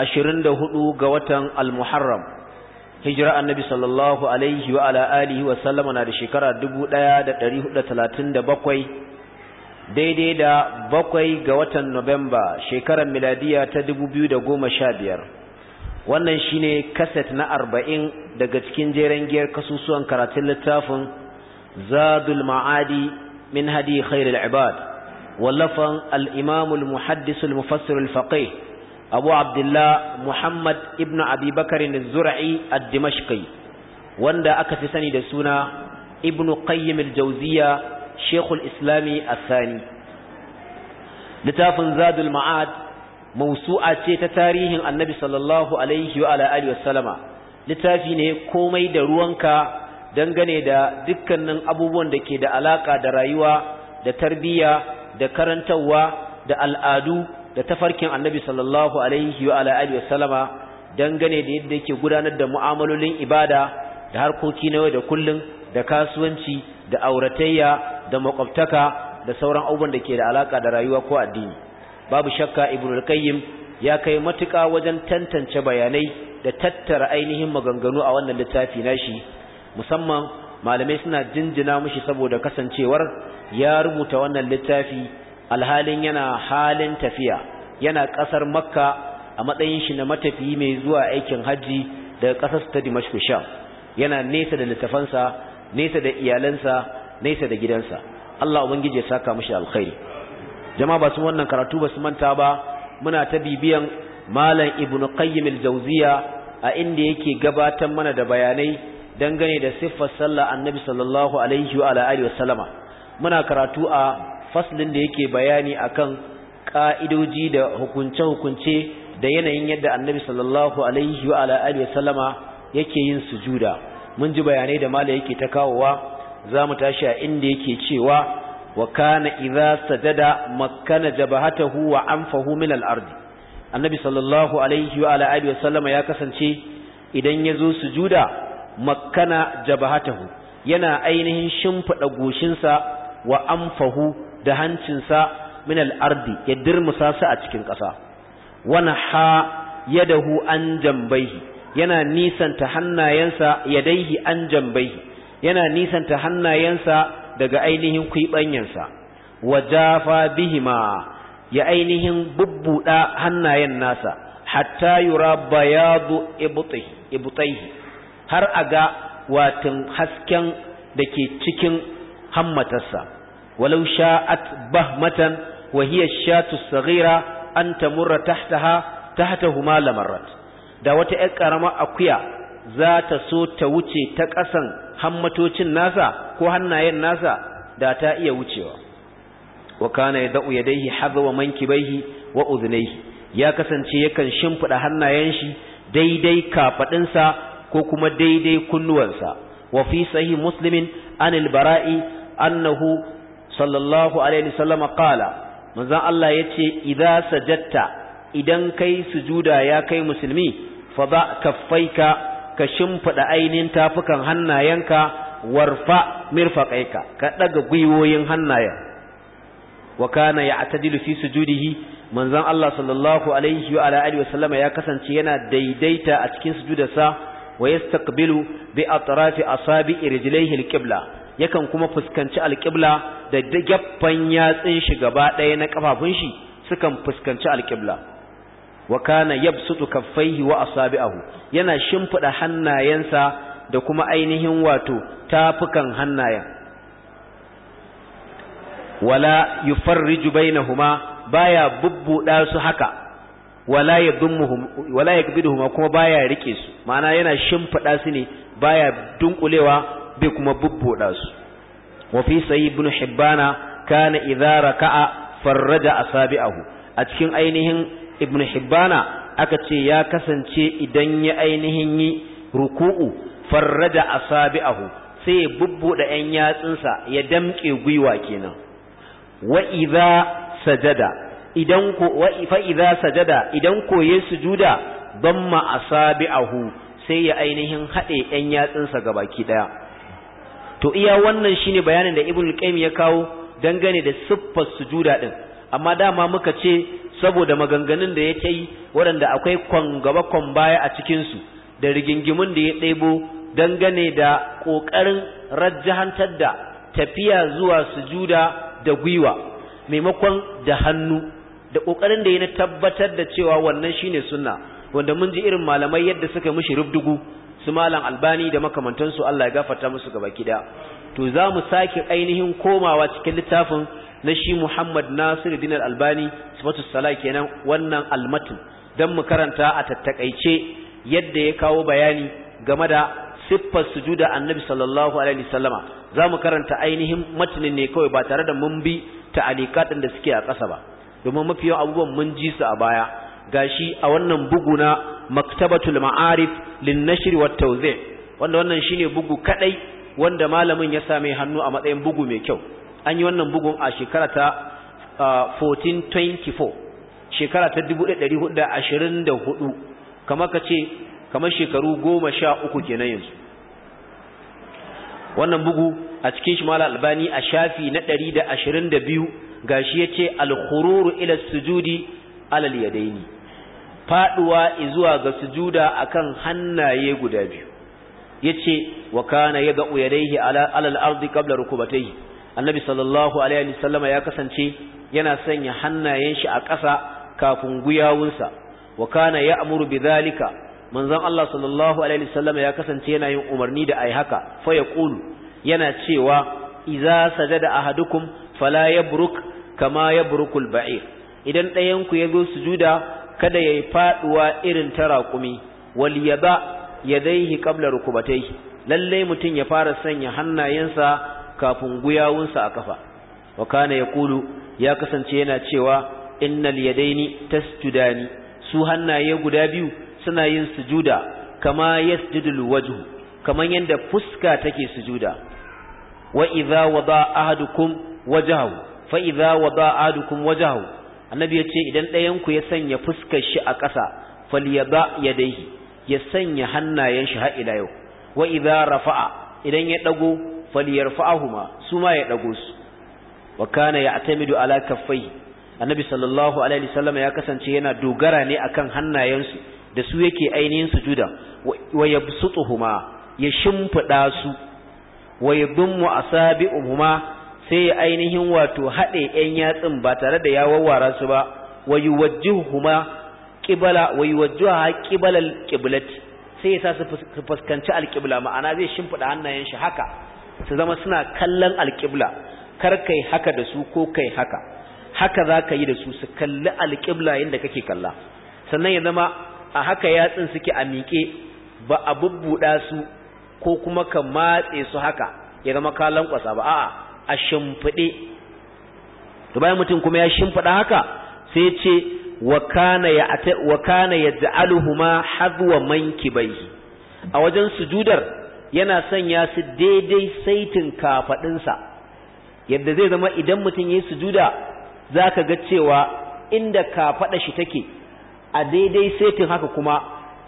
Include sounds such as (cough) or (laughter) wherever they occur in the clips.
ashirin da hudu ga watan almuharram hijira annabi sallallahu alaihi wa ala alihi wa sallama na da shekara dubu daya da dari hudu talatin da bakwai daidai da bakwai ga watan nobamba shekarar miladiya ta dubu biyu da goma sha biyar wannan shine kaset na arba'in daga cikin jeren giyar kasusuwan karatun littafin zadul ma'adi min hadi khairul ibad wallafan al-imamul muhaddisul mufassirul faqih abu abdullah muhammad ibn abi bakarin zura'i ad-dimashqi wanda aka fi sani da suna ibn qayyim al-jawziya shekul islami asani littafin zadul ma'ad mausu'a ce ta tarihin annabi sallallahu alaihi wa alihi wasallama littafi ne komai da ruwanka dangane da dukkanin abubuwan da ke da alaka da rayuwa da tarbiyya da karantarwa da al'adu da tafarkin annabi sallallahu alaihi wa ala alihi wasallama dangane da yadda yake gudanar da mu'amalolin ibada da harkoki na yau da kullum da kasuwanci da auratayya da makwabtaka da sauran abubuwan da ke da alaka da rayuwa ko addini babu shakka ibnu al-qayyim ya kai matuƙa wajen tantance bayanai da tattara ainihin maganganu a wannan littafi nashi musamman malamai suna jinjina mushi saboda kasancewar ya rubuta wannan littafi alhalin yana halin tafiya yana ƙasar makka a matsayin shi na matafiyi mai zuwa aikin hajji daga ƙasar ta dimashku sham yana nesa da littafansa nesa da iyalansa nesa da gidansa Allah ubangiji ya saka mashi alkhairi jama'a ba su wannan karatu ba su manta ba muna ta bibiyan malam ibnu qayyim al a inda yake gabatar mana da bayanai dangane da siffar sallah annabi sallallahu alaihi wa alihi wa sallama muna karatu a faslin da yake bayani akan ka'idoji da hukunce-hukunce da yanayin yadda annabi sallallahu alaihi wa ala alihi sallama yake yin sujuda mun ji bayanai da mala yake ta kawowa za mu tashi a inda yake cewa wa kana idza sajada makkana jabahatahu wa anfahu min al-ardi annabi sallallahu alaihi wa ala alihi sallama ya kasance idan yazo zo sujuda makkana jabhatahu yana ainihin shimfida goshinsa wa anfahu da hancinsa min al-ardi ya dirmusa su a cikin ƙasa Wani ha yadahu an jambaihi yana nisanta hannayensa yadaihi an jambaihi yana nisanta hannayensa daga ainihin wa wajafa bihima ya ainihin bubbuda hannayen nasa hatta yura bayadu ibtaihi har aga watan hasken da ke cikin hammatarsa walau sha'at bahmatan wa hiya shatu saghira an tamurra tahtaha tahtahuma lamarat da wata 'yar karama akuya za ta so ta wuce ta ƙasan hammatocin nasa ko hannayen nasa da ta iya wucewa wa kana yad'u yadayhi hadwa mankibaihi wa ya kasance yakan shimfida hannayen shi daidai kafaɗinsa ko kuma daidai kunnuwansa wa fi sahih muslimin anil bara'i annahu sallallahu alaihi wasallama qala manzon Allah yace idza sajadta idan kai sujuda ya kai musulmi fa ba kaffaika ka shimfiɗa ainihin tafukan hannayenka warfa mirfaqaika ka daga gwiwoyin hannayen wa kana ya'tadilu fi sujudihi manzon Allah sallallahu alaihi wa alihi wasallama ya kasance yana daidaita a cikin sujudarsa wa yastaqbilu bi atrafi asabi rijlaihi alqibla yakan kuma fuskanci alqibla da gaffan yatsin shi gaba ɗaya na kafafun shi sukan fuskanci alƙibla wa kana yabsutu kaffaihi wa asabi'ahu yana shimfida hannayensa da kuma ainihin wato tafukan hannayen wala yufarriju bainahuma baya bubbuda su haka wala yadummuhum wala yakbiduhuma kuma baya rike su ma'ana yana shimfida su ne baya dunkulewa bai kuma bubbuda su wa fi ibn hibbana kana idza raka'a farraja asabi'ahu a cikin ainihin ibn hibbana aka ce ya kasance idan ya ainihin yi ruku'u farraja asabi'ahu sai ya bubbuda yan yatsunsa ya damke gwiwa kenan wa idza sajada idan ko wa fa idza sajada idan ko sujuda damma asabi'ahu sai ya ainihin haɗe ‘yan yatsinsa ga baki ɗaya, to iya wannan shine bayanin da ibn al-qayyim ya kawo dangane da siffar sujuda din amma dama muka ce saboda maganganun da yake yi waɗanda akwai kwangaba gaba baya a cikin su da rigingimun da ya ɗebo dangane da ƙoƙarin rajjahantar da tafiya zuwa sujuda da gwiwa maimakon da hannu da ƙoƙarin da ya na tabbatar da cewa wannan shine sunna wanda mun ji irin malamai yadda suka mishi rubdugu su malam albani da makamantansu Allah ya gafarta musu gaba kida to za mu sake ainihin komawa cikin littafin na shi Muhammad Nasir din albani sifatu sala kenan wannan almatun dan mu karanta a tattakaice yadda ya kawo bayani game da siffar sujuda annabi sallallahu alaihi wasallama za mu karanta ainihin matanin ne kawai ba tare da mun bi ta'alikatin da suke a ƙasa ba domin mafi abubuwan mun ji su a baya gashi a wannan bugu na maktabatul ma'arif lin nashr wat tawzi' wanda wannan shine bugu kadai wanda malamin ya same hannu a matsayin bugu mai kyau an yi wannan bugun a shekara ta 1424 shekara ta 1424 kamar kace kamar shekaru 13 kenan yanzu wannan bugu a cikin shi malal albani a shafi na 122 gashi yace al-khururu ila sujudi alal yadaini faduwa zuwa ga sujuda akan hannaye guda biyu yace wa kana yad'u yadayhi ala alal ardi qabla rukubatayhi annabi sallallahu alaihi wasallama ya kasance yana sanya hannayen shi a ƙasa kafin guyawunsa wa kana ya'muru bidhalika manzon Allah sallallahu alaihi wasallama ya kasance yana yin umarni da ai haka fa yaqulu yana cewa idza sajada ahadukum fala yabruk kama yabrukul ba'ir idan ɗayan ku zo sujuda kada yayi faɗuwa irin ta raƙumi wal ya yadayhi qabla rukubatai lallai mutum ya fara sanya hannayensa kafin guyawunsa a kafa wa kana yaqulu ya kasance yana cewa innal yadaini tasjudani su hannaye guda biyu suna yin sujuda kama yasjudul wajhu kaman yanda fuska take sujuda wa idza wada ahadukum wajhahu fa idza wada ahadukum wajhahu annabi ya ce idan ɗayanku ya sanya fuskar shi a ƙasa ya ba ya sanya hannayen shi har ila yau wa idza rafa'a idan ya dago falyarfa'ahuma su ma ya dago su wa kana ya'tamidu ala kaffai annabi sallallahu alaihi wasallam ya kasance yana dogara ne akan hannayensu da su yake ainihin sujuda wa yabsutuhuma ya shimfida su wa yadummu asabi'uhuma sai ya ainihin wato haɗe ‘yan yatsun ba tare da ya wawwara su ba wayu wajjuhu huma ƙibala wayu wajjuha ƙibalar ƙiblati sai ya sa su fuskanci alƙibla ma'ana zai shimfiɗa hannayen shi haka su zama suna kallon alƙibla kar kai haka da su ko kai haka haka za ka yi da su su kalli alƙibla yadda kake kalla sannan ya zama a haka yatsun suke a miƙe ba a bubbuɗa su ko kuma ka matse su haka ya zama ka lankwasa ba a'a a shimfiɗe to bayan mutum kuma ya shimfiɗa haka sai ya ce wa kana ya wa kana mankibaihi a wajen sujudar yana sanya su daidai saitin kafaɗinsa yadda zai zama idan mutum ya yi sujuda zaka ga cewa inda kafaɗa shi take a daidai saitin haka kuma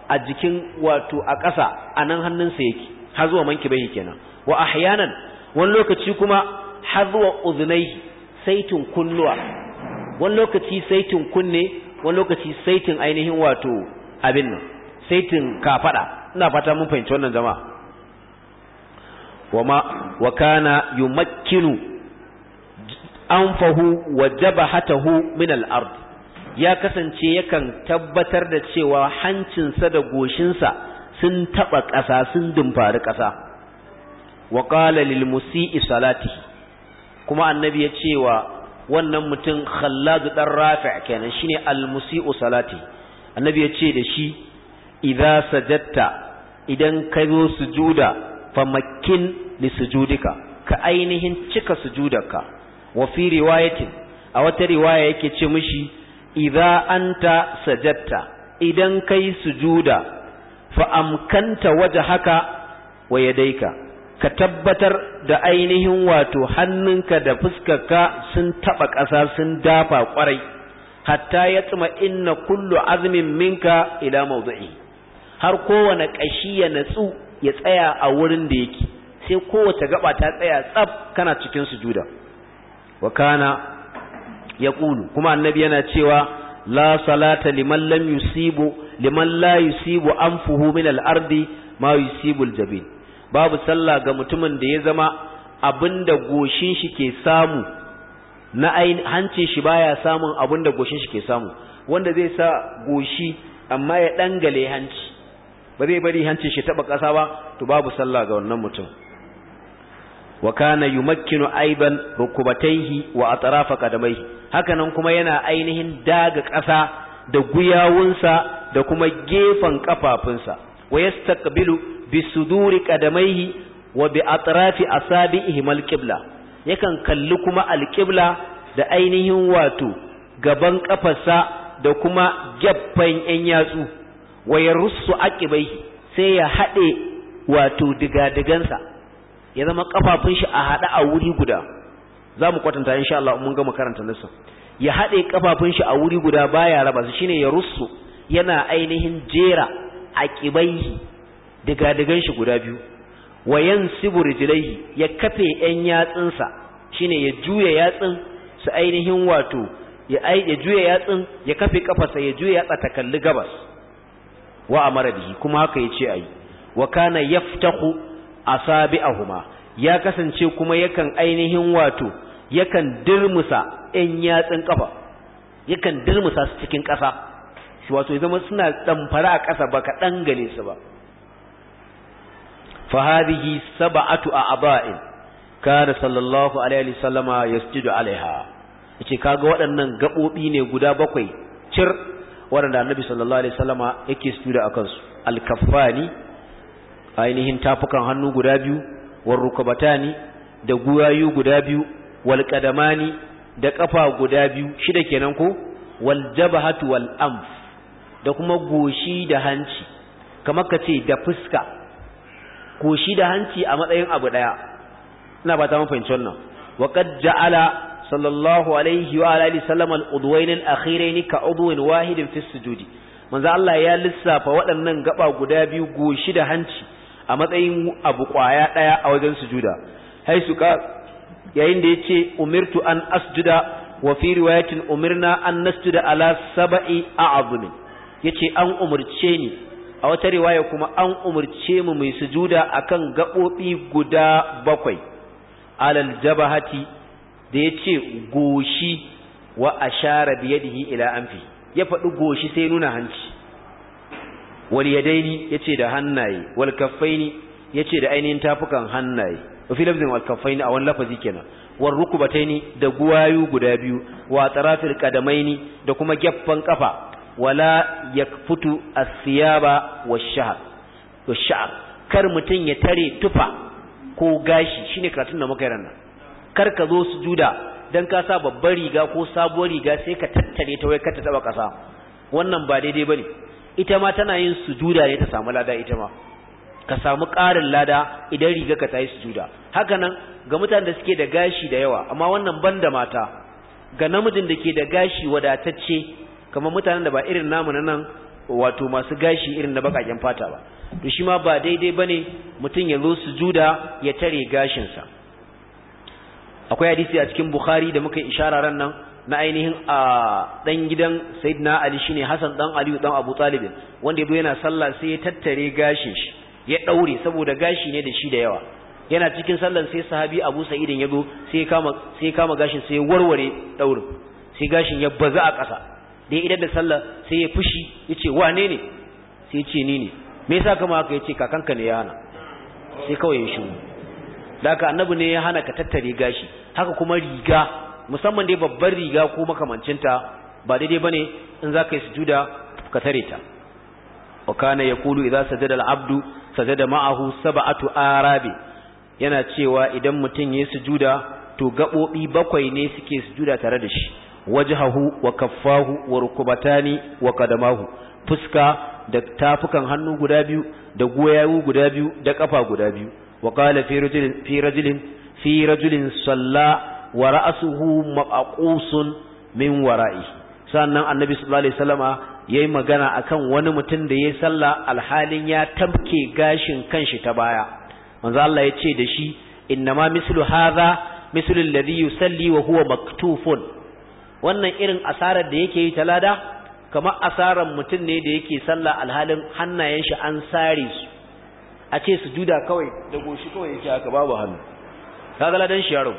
a jikin wato a ƙasa a nan hannunsa yake har zuwa manki bai kenan wa ahyanan wani lokaci kuma hazuwa uzunai saitin kunnuwa wani lokaci saitin kunne wani lokaci saitin ainihin wato abin nan saitin kafada ina fata mun fahimci wannan jama'a wama wa kana yumakkinu anfahu wa jabhatahu min al-ard ya kasance yakan tabbatar da cewa hancinsa da goshinsa sun taba ƙasa sun dumfari ƙasa wa qala lil musii salatihi kuma annabi ya ce wa wannan mutum khalladu dan rafi' kenan shine almusi'u salati annabi ya ce da shi idza sajadta idan ka zo sujuda famakkin li sujudika ka ainihin cika sujudarka wa fi riwayatin a wata riwaya yake ce mishi idza anta sajadta idan kai sujuda fa amkanta wajhaka wa yadayka ka tabbatar da ainihin wato hannunka da fuskarka sun taɓa ƙasa sun dafa ƙwarai hatta ya tsima inna kullu azmin minka ila mawdu'i har kowane ƙashi ya natsu ya tsaya a wurin da yake sai kowace gaba ta tsaya tsaf kana cikin sujuda wa kana yaqulu kuma annabi yana cewa la salata liman lam yusibu liman la yusibu anfuhu min al-ardi ma yusibu al-jabin babu sallah ga mutumin da ya zama abinda goshin shi ke samu na hancin shi baya samun abinda goshin shi ke samu wanda zai sa goshi amma ya dangale hanci ba zai bari hancin shi taba kasa ba to babu sallah ga wannan mutum wa kana yumakkinu aiban rukubataihi wa atrafa kadamaihi nan kuma yana ainihin daga ƙasa da guyawunsa da kuma gefen kafafunsa wa yastaqbilu bisuduri kadamaihi wa bi atrafi asabihi mal qibla yakan kalli kuma alqibla da ainihin wato gaban kafarsa da kuma gaffan yan yatsu wa rusu akibai sai ya hade wato digadigansa ya zama kafafun shi a hada a wuri guda za mu kwatanta insha Allah mun gama karanta nasu ya haɗe kafafun shi a wuri guda baya raba su shine ya rusu yana ainihin jera akibai digadigan shi guda biyu wa yansibu rijlaihi ya kafe yan yatsinsa shine ya juya yatsin su ainihin wato ya ai ya juya yatsin ya kafe kafarsa ya juya yatsa ta kalli gabas wa amara bihi kuma haka yace ayi wa kana yaftahu asabi'ahuma ya kasance kuma yakan ainihin wato yakan dirmusa yan yatsin kafa yakan dirmusa su cikin ƙasa wato idan suna tsamfara a ƙasa ba ka dangane su ba فهذه سبعة أعباء كان صلى الله عليه وسلم يسجد عليها yace kaga waɗannan gaɓoɓi ne guda bakwai cir waɗanda annabi sallallahu alaihi wasallama yake sujuda akan su alkaffani ainihin tafukan hannu guda biyu war rukabatani da guyayu guda biyu wal qadamani da ƙafa guda biyu shida kenan ko wal jabhatu wal anf da kuma goshi da hanci kamar kace da fuska Goshi da hanci a matsayin abu ɗaya ina ba ta mun fahimci wa qad ja'ala sallallahu alaihi wa alihi sallam al-udwayn al-akhirayn ka udwin wahidin fi sujudi manzo Allah ya lissafa waɗannan gaba guda biyu goshi da hanci a matsayin abu kwaya ɗaya a wajen sujuda Haisuka ka yayin da yace umirtu an asjuda wa fi riwayatin umirna an nasjuda ala sab'i a'zumin yace an umurce ni a wata riwaya kuma an umarce mu mai sujuda akan gaɓoɓi guda bakwai alal jabahati da ya ce goshi wa ashara biyadihi ila anfi ya faɗi goshi sai nuna hanci wal yadaini yace da hannaye wal kaffaini yace da ainihin tafukan hannaye fi lafzin alkafaini a wani lafazi kenan war rukubataini da guwayu guda biyu wa tarafil qadamaini da kuma gaffan kafa wala ya fito a siya ba wa sha'ar kar mutum ya tare tufa ko gashi shine karatun da muka yi ran kar ka zo su juda dan ka sa babbar riga ko sabuwar riga sai ka tattare ta wai ta taba kasa wannan ba daidai bane ita ma tana yin su juda ne ta samu lada ita ma ka samu ƙarin lada idan riga ka tayi sujuda haka nan ga mutanen da suke da gashi da yawa amma wannan banda mata ga namijin da ke da gashi wadatacce kamar mutanen da ba irin namu nan wato masu gashi irin na bakaken fata ba to shi ma ba daidai bane mutum ya zo su juda ya tare gashin sa akwai hadisi a cikin bukhari da muka ishara ran nan na ainihin a dan gidan sayyidina ali shine hasan dan aliyu dan abu talib wanda yabo yana sallah sai ya tattare gashin shi ya daure saboda gashi ne da shi da yawa yana cikin sallan sai sahabi abu sa'idin yabo sai kama sai kama gashin sai warware daurin sai gashin ya baza a ƙasa da ya idan da sallah sai ya fushi ya ce wane ne sai ya ce ni ne me yasa kama haka ya ce kakanka ne ya hana sai kawai ya shiru da haka annabi ne ya hana ka tattare gashi haka kuma riga musamman dai babbar riga ko makamancinta ba daidai ba ne in za ka yi sujuda ka tare ta wa kana kulu idan sajada al'abdu sajada ma'ahu saba'atu arabi yana cewa idan mutum ya su sujuda to gaɓoɓi bakwai ne suke sujuda tare da shi wajhahu wa kaffahu wa rukubatani wa qadamahu fuska da tafukan hannu guda biyu da goyayu guda biyu da kafa guda biyu wa qala fi rajulin fi rajulin fi rajulin salla wa ra'suhu maqusun min wara'i sannan annabi sallallahu alaihi wasallama yayi magana akan wani mutum da yayi salla alhalin ya tabke gashin kanshi ta baya manzo Allah ya ce da shi innama mislu hadha mislu alladhi yusalli wa huwa maktufun wannan irin asarar da yake yi ta lada kamar asarar mutum ne da yake sallah alhalin hannayen shi an sare su a ce su juda kawai da goshi kawai yake haka babu hannu ga ladan shi yaro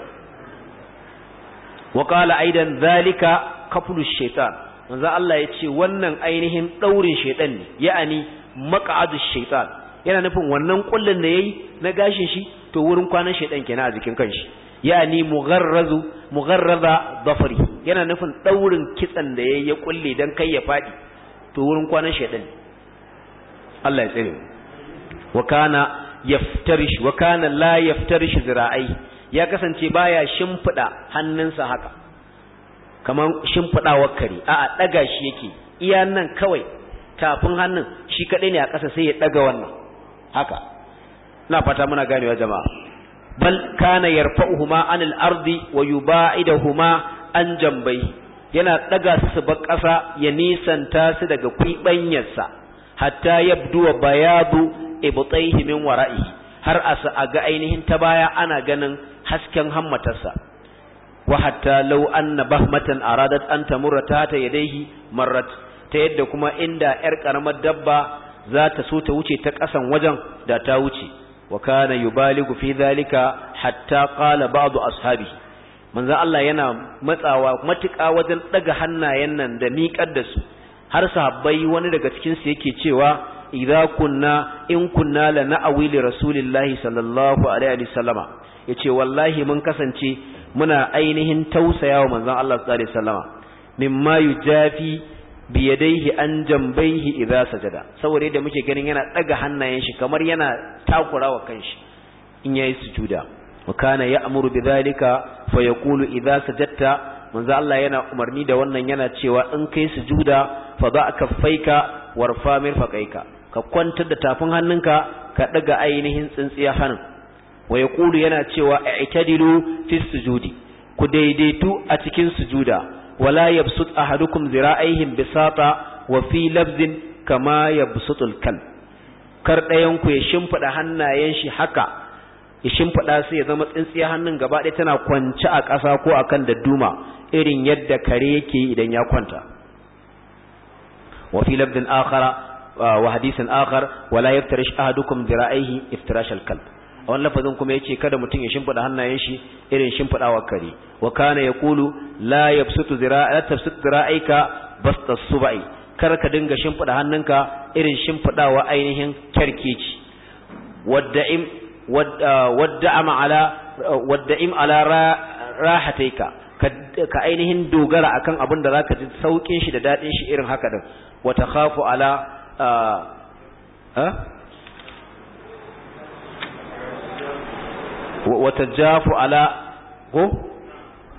wa qala aidan zalika kafulu shaitan manzo Allah ya ce wannan ainihin daurin shaiɗan ne ya'ani maq'adu shaitan yana nufin wannan kullun da yayi na gashin shi to wurin kwanan shaitan kenan a jikin kanshi ya'ani mugharrazu mugharraza yana nufin ɗaurin kitsan da yayi ya kulle dan kai ya faɗi, to wurin kwanan shedan Allah ya tsare wa kana yaftarish wa kana la yaftarish zira'ai ya kasance baya shimfida hannunsa haka kaman wakari a a'a ɗaga shi yake iya nan kawai tafin hannun shi kaɗai ne a ƙasa sai ya daga wannan haka na fata muna ganewa jama'a bal kana yarfa'uhuma anil ardi wa yuba'iduhuma an jambai yana ɗaga su su ƙasa ya nisanta su daga kwiɓanyarsa hatta yabduwa bayadu ibtaihi min wara'i har a ga ainihin ta baya ana ganin hasken hammatarsa wa hatta law anna bahmatan aradat an tamurra ta ta yadaihi marrat ta yadda kuma inda yar ƙaramar dabba za ta so ta wuce ta ƙasan wajen da ta wuce wa kana yubaligu fi dhalika hatta qala ba'du ashabihi manzo Allah yana matsawa matuƙa wajen ɗaga hannayen nan da miƙar da su har sahabbai wani daga cikin su yake cewa idza kunna in kunna la na'awi li rasulillahi sallallahu alaihi wa sallama yace wallahi mun kasance muna ainihin tausaya wa manzon Allah sallallahu alaihi sallama mimma yujafi bi yadayhi an jambayhi idza sajada saboda yadda muke ganin yana daga hannayen shi kamar yana takurawa kanshi in yayi sujuda wa kana ya'muru bidhalika fa yaqulu idza sajadta manzo Allah yana umarni da wannan yana cewa in kai sujuda fa da kaffaika warfa mirfaqaika ka kwanta da tafin hannunka ka daga ainihin tsintsiya hannun wa yaqulu yana cewa i'tadilu fi sujudi ku daidaitu a cikin sujuda wala yabsut ahadukum zira'aihim bisata wa fi labzin kama yabsutul kalb kar ɗayan ku ya shimfiɗa hannayen shi haka ya shimfiɗa su ya zama tsintsiya hannun gaba ɗaya tana kwance a ƙasa ko a kan dadduma irin yadda kare yake idan ya kwanta wa fi labdin akhara wa hadisin akhar wala yaftarish ahadukum ra'ayhi iftirash al-kalb a wannan lafazin kuma yace kada mutum ya shimfiɗa hannayen shi irin shimfidawa kare wa kana yaqulu la yabsutu zira'a la tabsut dira'aika basta subai kar ka dinga shimfiɗa hannunka irin wa ainihin wadda in. Uh, wadda ama ala uh, ala rahataika ka ainihin dogara akan abin da zaka ji saukin shi da dadin shi irin haka din wa khafu ala uh, wa jafu ala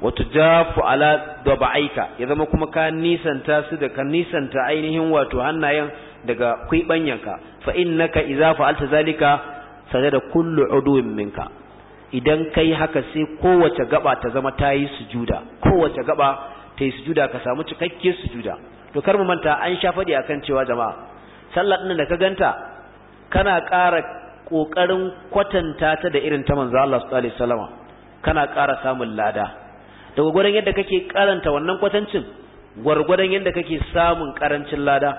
ko jafu ala daba'aika ya zama kuma ka nisanta su da ka nisanta ainihin wato hannayen daga kwibanyanka fa innaka idza fa'alta zalika da kullu uduwin minka idan kai haka sai kowace gaba ta zama ta yi sujuda kowace gaba ta yi sujuda ka samu cikakke sujuda to kar mu manta an sha faɗi akan cewa jama'a sallar din da ka ganta kana ƙara ƙoƙarin kwatanta ta da irin ta manzo Allah sallallahu alaihi wasallam kana ƙara samun lada da gwargwadon yadda kake karanta wannan kwatancin gwargwadon yadda kake samun karancin lada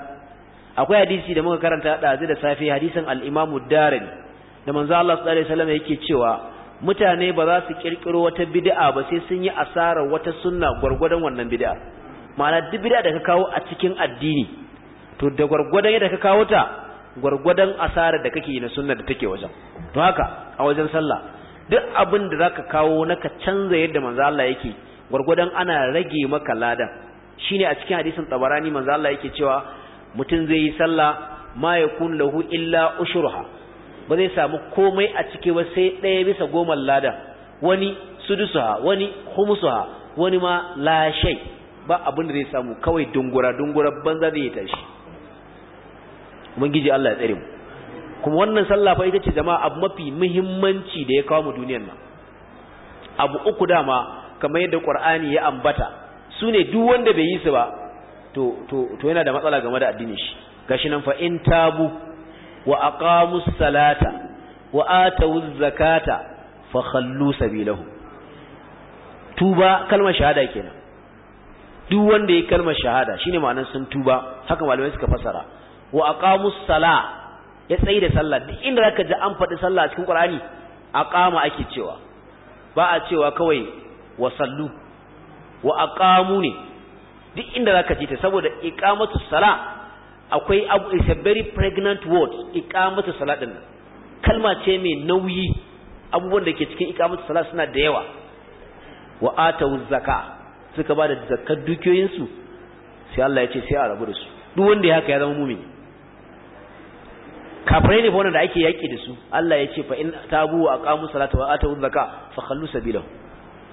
akwai hadisi da muka karanta da da safe hadisin al-Imam Darimi da manzo Allah sallallahu alaihi wasallam yake cewa mutane ba za su kirkiro wata bid'a ba sai sun yi asarar wata sunna gurgurdan wannan bid'a ma'ana duk bid'a da ka kawo a cikin addini to da gurgurdan da ka kawo ta gurgurdan asarar da kake yi na sunna da take wajen to haka a wajen sallah duk abin da zaka kawo naka canza yadda manzo Allah yake gurgurdan ana rage maka ladan shine a cikin hadisin tabarani manzo Allah yake cewa mutum zai yi sallah ma yakun lahu illa ushurha. ba zai samu komai a ciki ba sai ɗaya bisa goma lada wani sudusuha wani humusuha wani ma lashai ba abin da zai samu kawai dungura dungura banza zai tashi ubangiji Allah ya tsare mu kuma wannan sallah fa ita ce jama'a abu mafi muhimmanci da ya kawo mu duniyar nan abu uku dama kamar yadda Qur'ani ya ambata sune duk wanda bai yi su ba to to to yana da matsala game da addinin shi gashi nan fa in tabu wa aqamus salata wa zakata fa khallu sabilahu tuba kalmar shahada kenan duk wanda ya kalmar shahada shine ma'anar sun tuba haka malamai suka fasara wa aqamus ya tsayi da sallah duk inda zaka ji an faɗi sallah cikin Qur'ani aqama ake cewa ba a cewa kawai wa sallu wa aqamu ne duk inda zaka ji ta saboda iqamatu sala akwai abu is a very pregnant word iqamatu salat din kalma ce mai nauyi abubuwan da ke cikin iqamatu salat suna da yawa wa atu zakka suka bada zakkar dukiyoyin su sai Allah ya ce sai a rabu da su duk wanda ya haka ya zama mumini kafirai ne wannan da ake yaki da su Allah ya ce fa in tabu wa aqamu salata wa atu zakka fa khallu sabilahu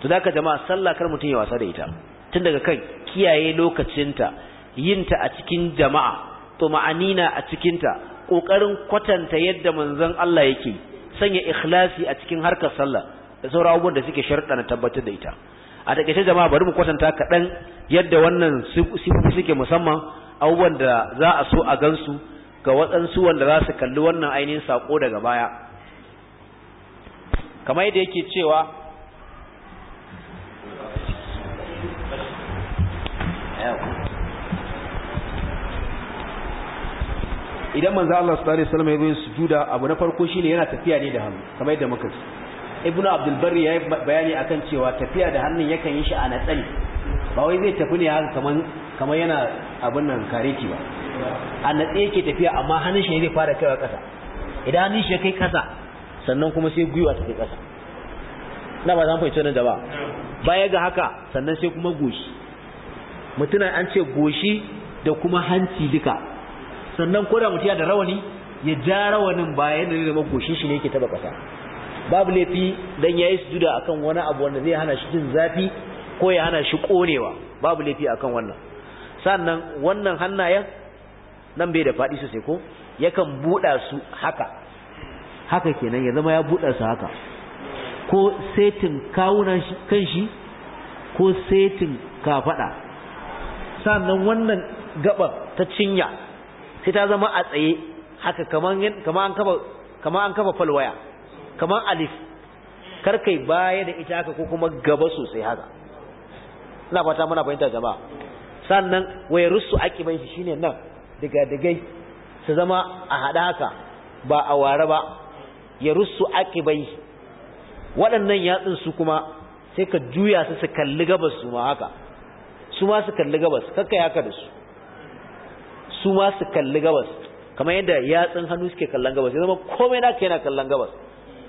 to zaka jama'a sallah kar mutun ya wasa da ita tun daga kan kiyaye lokacinta yinta a cikin jama'a to ma'anina a cikinta ƙoƙarin kwatanta yadda manzon Allah yake sanya ikhlasi a cikin harkar sallah da sauran abubuwan da suke sharɗa na tabbatar da ita a takaice jama'a bari mu kwatanta kaɗan yadda wannan sifofi suke musamman abubuwan da za a so a gansu ga waɗansu wanda za su kalli wannan ainihin saƙo daga baya kamar yadda yake cewa idan manzo Allah sallallahu alaihi wasallam ya yi sujuda abu na farko shine yana tafiya ne da hannu kamar yadda muka ci ibnu abdul barri yayi bayani akan cewa tafiya da hannun yakan yi shi a natsali ba wai zai tafi ne haka kamar kamar yana abin nan kareki ba a natsi yake tafiya amma hannun shi zai fara kaiwa kasa idan hannun shi ya kai kasa sannan kuma sai gwiwa ta kai kasa na ba za mu fahimci nan da ba baya ga haka sannan sai kuma goshi mutuna an ce goshi da kuma hanci duka sannan ko da mutum da rawani ya ja rawanin ba yana da zama goshin shi ne yake taba kasa babu laifi dan yayi sujuda akan wani abu wanda zai hana shi jin zafi ko ya hana shi konewa babu laifi akan wannan sannan wannan hannayen nan bai da fadi sosai ko yakan buɗa su haka haka kenan ya zama ya buda su haka ko setin kawunan kan shi ko setin kafada sannan wannan gaba ta cinya sai ta zama a tsaye haka kaman an kafa kama an kafa falwaya kaman alif karkai baya da ita haka ko kuma gaba sosai haka ina fata muna fahimta jama'a sannan waya rusu aqiban shi shine nan daga-dagai su zama a hada haka ba a ware ba ya rusu aqibai waɗannan yatsun su kuma sai ka juya su su kalli gabas su ma haka su ma su kalli gabas kakka haka da su su ma su kalli gabas kamar yadda yatsun hannu suke kallon gabas ya zama komai naka yana kallon gabas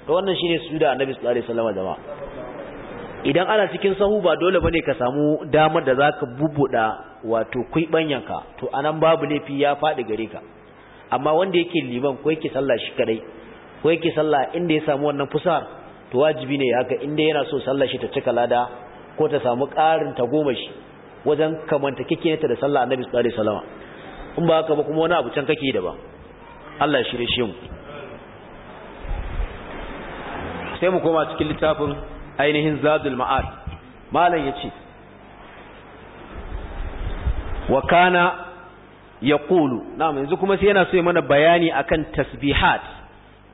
to wannan shine su da annabi sallallahu alaihi wasallam jama idan ana cikin sahu ba dole bane ka samu damar da zaka bubuda wato ka to anan babu laifi ya faɗi gare ka amma wanda yake liman ko yake sallah shi kadai ko yake sallah inda ya samu wannan fusar to wajibi ne haka inda yana so sallah shi ta cika lada ko ta samu karin ta goma shi wajen kamanta kike ta da sallah annabi sallallahu alaihi wasallam in ba haka ba kuma wani abu can kake da ba Allah shirye shi mu sai mu koma cikin littafin ainihin zadul ma'ad malam yace wa kana yaqulu na'am yanzu kuma sai yana so ya mana bayani akan tasbihat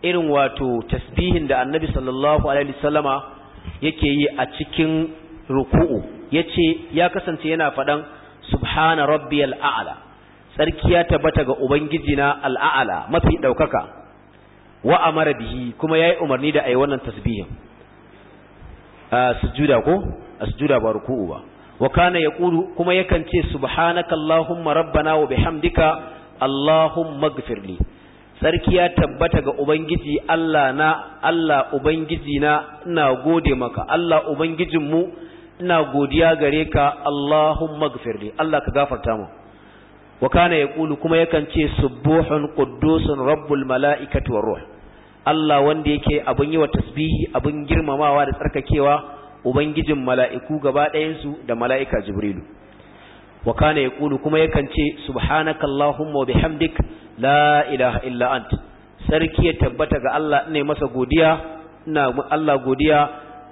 irin wato tasbihin da annabi sallallahu alaihi wasallama yake yi a cikin ruku'u yace ya kasance yana faɗan subhana rabbiyal a'la tsarki ya tabbata ga ubangijina al'a'ala mafi ɗaukaka wa amara bihi kuma yayi umarni da yi wannan tasbihin a sujuda ko a sujuda ba ruku'u ba wa kana ƙudu kuma ya ce subhanaka allahumma rabbana wa bihamdika allahumma ighfirli sarki ya tabbata ga ubangiji Allah na Allah ubangiji na ina gode maka Allah ubangijinmu ina godiya gare ka Allahumma ighfirli Allah ka gafarta mu wa kana yaqulu kuma yakan ce subuhun quddusun rabbul malaikati war ruh Allah wanda yake abun yi wa tasbihi abun girmamawa da tsarkakewa ubangijin mala'iku gaba ɗayan su da mala'ika jibrilu wa kana yaqulu kuma yakan ce subhanakallahumma wa bihamdik la ilaha illa ant sarki ya tabbata ga Allah ne masa godiya ina Allah godiya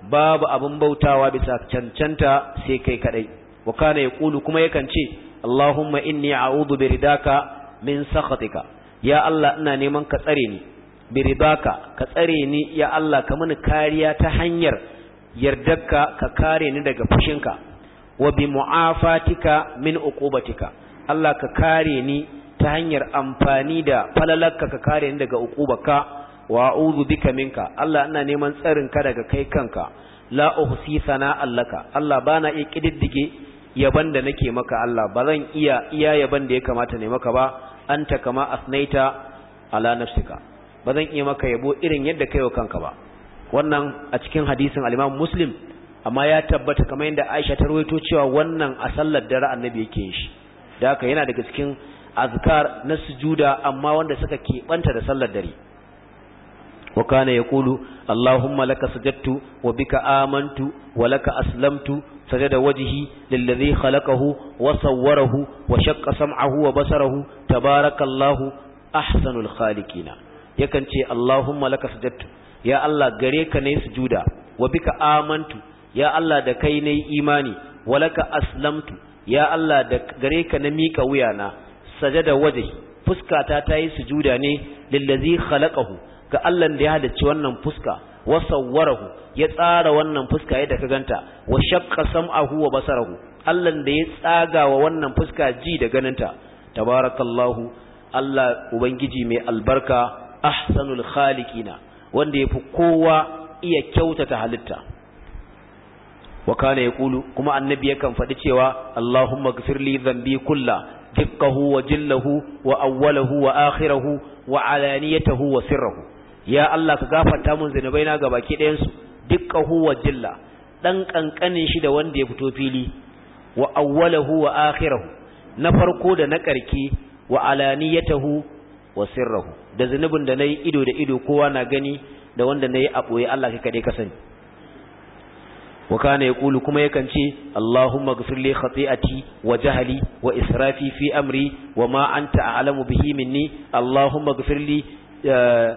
babu abin bautawa bisa cancanta sai kai kadai wa kana yaqulu kuma yakan ce Allahumma inni a'udhu biridaka min sakhatika ya Allah ina neman ka tsare ni biridaka ka tsare ni ya Allah ka mini kariya ta hanyar yardarka ka kare ni daga fushinka wa bi mu'afatika min uqubatika Allah ka kare ni ta hanyar amfani da falalaka ka kare ni daga uqubarka wa a'udhu bika minka Allah ina neman tsarin ka daga kai kanka la uhsi sana'allaka Allah bana iya kididdige yaban da nake maka Allah ba zan iya iya yaban da ya kamata ne maka ba anta kama asnaita ala nafsika ba zan iya maka yabo irin yadda kai wa kanka ba wannan a cikin hadisin al-Imam Muslim amma ya tabbata kamar yadda Aisha ta rawaito cewa wannan a sallar dare annabi yake yin shi da haka yana daga cikin azkar na sujuda amma wanda suka keɓanta da sallar dare wa kana yaqulu allahumma laka sajadtu wa bika amantu wa laka aslamtu sajada wajhi lilladhi khalaqahu wa sawwarahu wa shaqqa sam'ahu wa basarahu tabarakallahu yakan ce allahumma laka sajadtu ya allah gare ka ne sujuda wa bika amantu ya allah da kai ne imani wa laka aslamtu ya allah da gare ka na mika wuyana fuskata ta yi sujuda ne lillazi khalaqahu ga Allah da ya halicci wannan fuska wa sawwarahu ya tsara wannan fuska yadda ka ganta wa shaqqa sam'ahu wa basarahu Allah da ya tsaga wa wannan fuska ji da ganinta tabarakallahu Allah ubangiji mai albarka ahsanul khaliqina wanda yafi kowa iya kyautata halitta wa kana yaqulu kuma annabi yakan faɗi cewa Allahumma gfirli dhanbi kullahu دقه وجله وأوله وآخره wa وسره ya Allah ka gafarta mun zinubai na ga baki ɗayan su dukkan huwa jilla dan kankanin shi da wanda ya fito fili wa awwalahu wa akhirahu na farko da na karki wa alaniyatahu wa sirrahu da zinubin da nayi ido da ido kowa na gani da wanda nayi a boye Allah kai kade ka sani wa kana yaqulu kuma yakan ce Allahumma ighfir li khati'ati wa jahli wa israfi fi amri wa ma anta a'lamu bihi minni Allahumma ighfir li eh,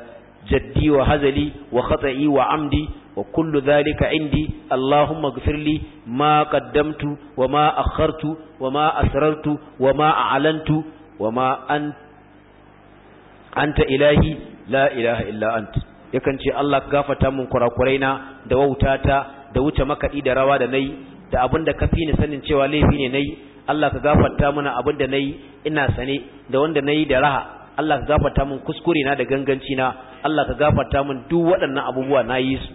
جدي وهزلي وخطئي وعمدي وكل ذلك عندي اللهم اغفر لي ما قدمت وما أخرت وما أسررت وما أعلنت وما أنت أنت إلهي لا إله إلا أنت yakan ce Allah gafata mun kurakuraina da wautata da wuce makaɗi da rawa da nayi da abin da kafi ni sanin cewa laifi ne nayi Allah ka gafarta mana abin da nayi ina sane da wanda yi da raha Allah ka gafarta mun kuskure na da ganganci na Allah ka gafarta min duk waɗannan abubuwa na yi su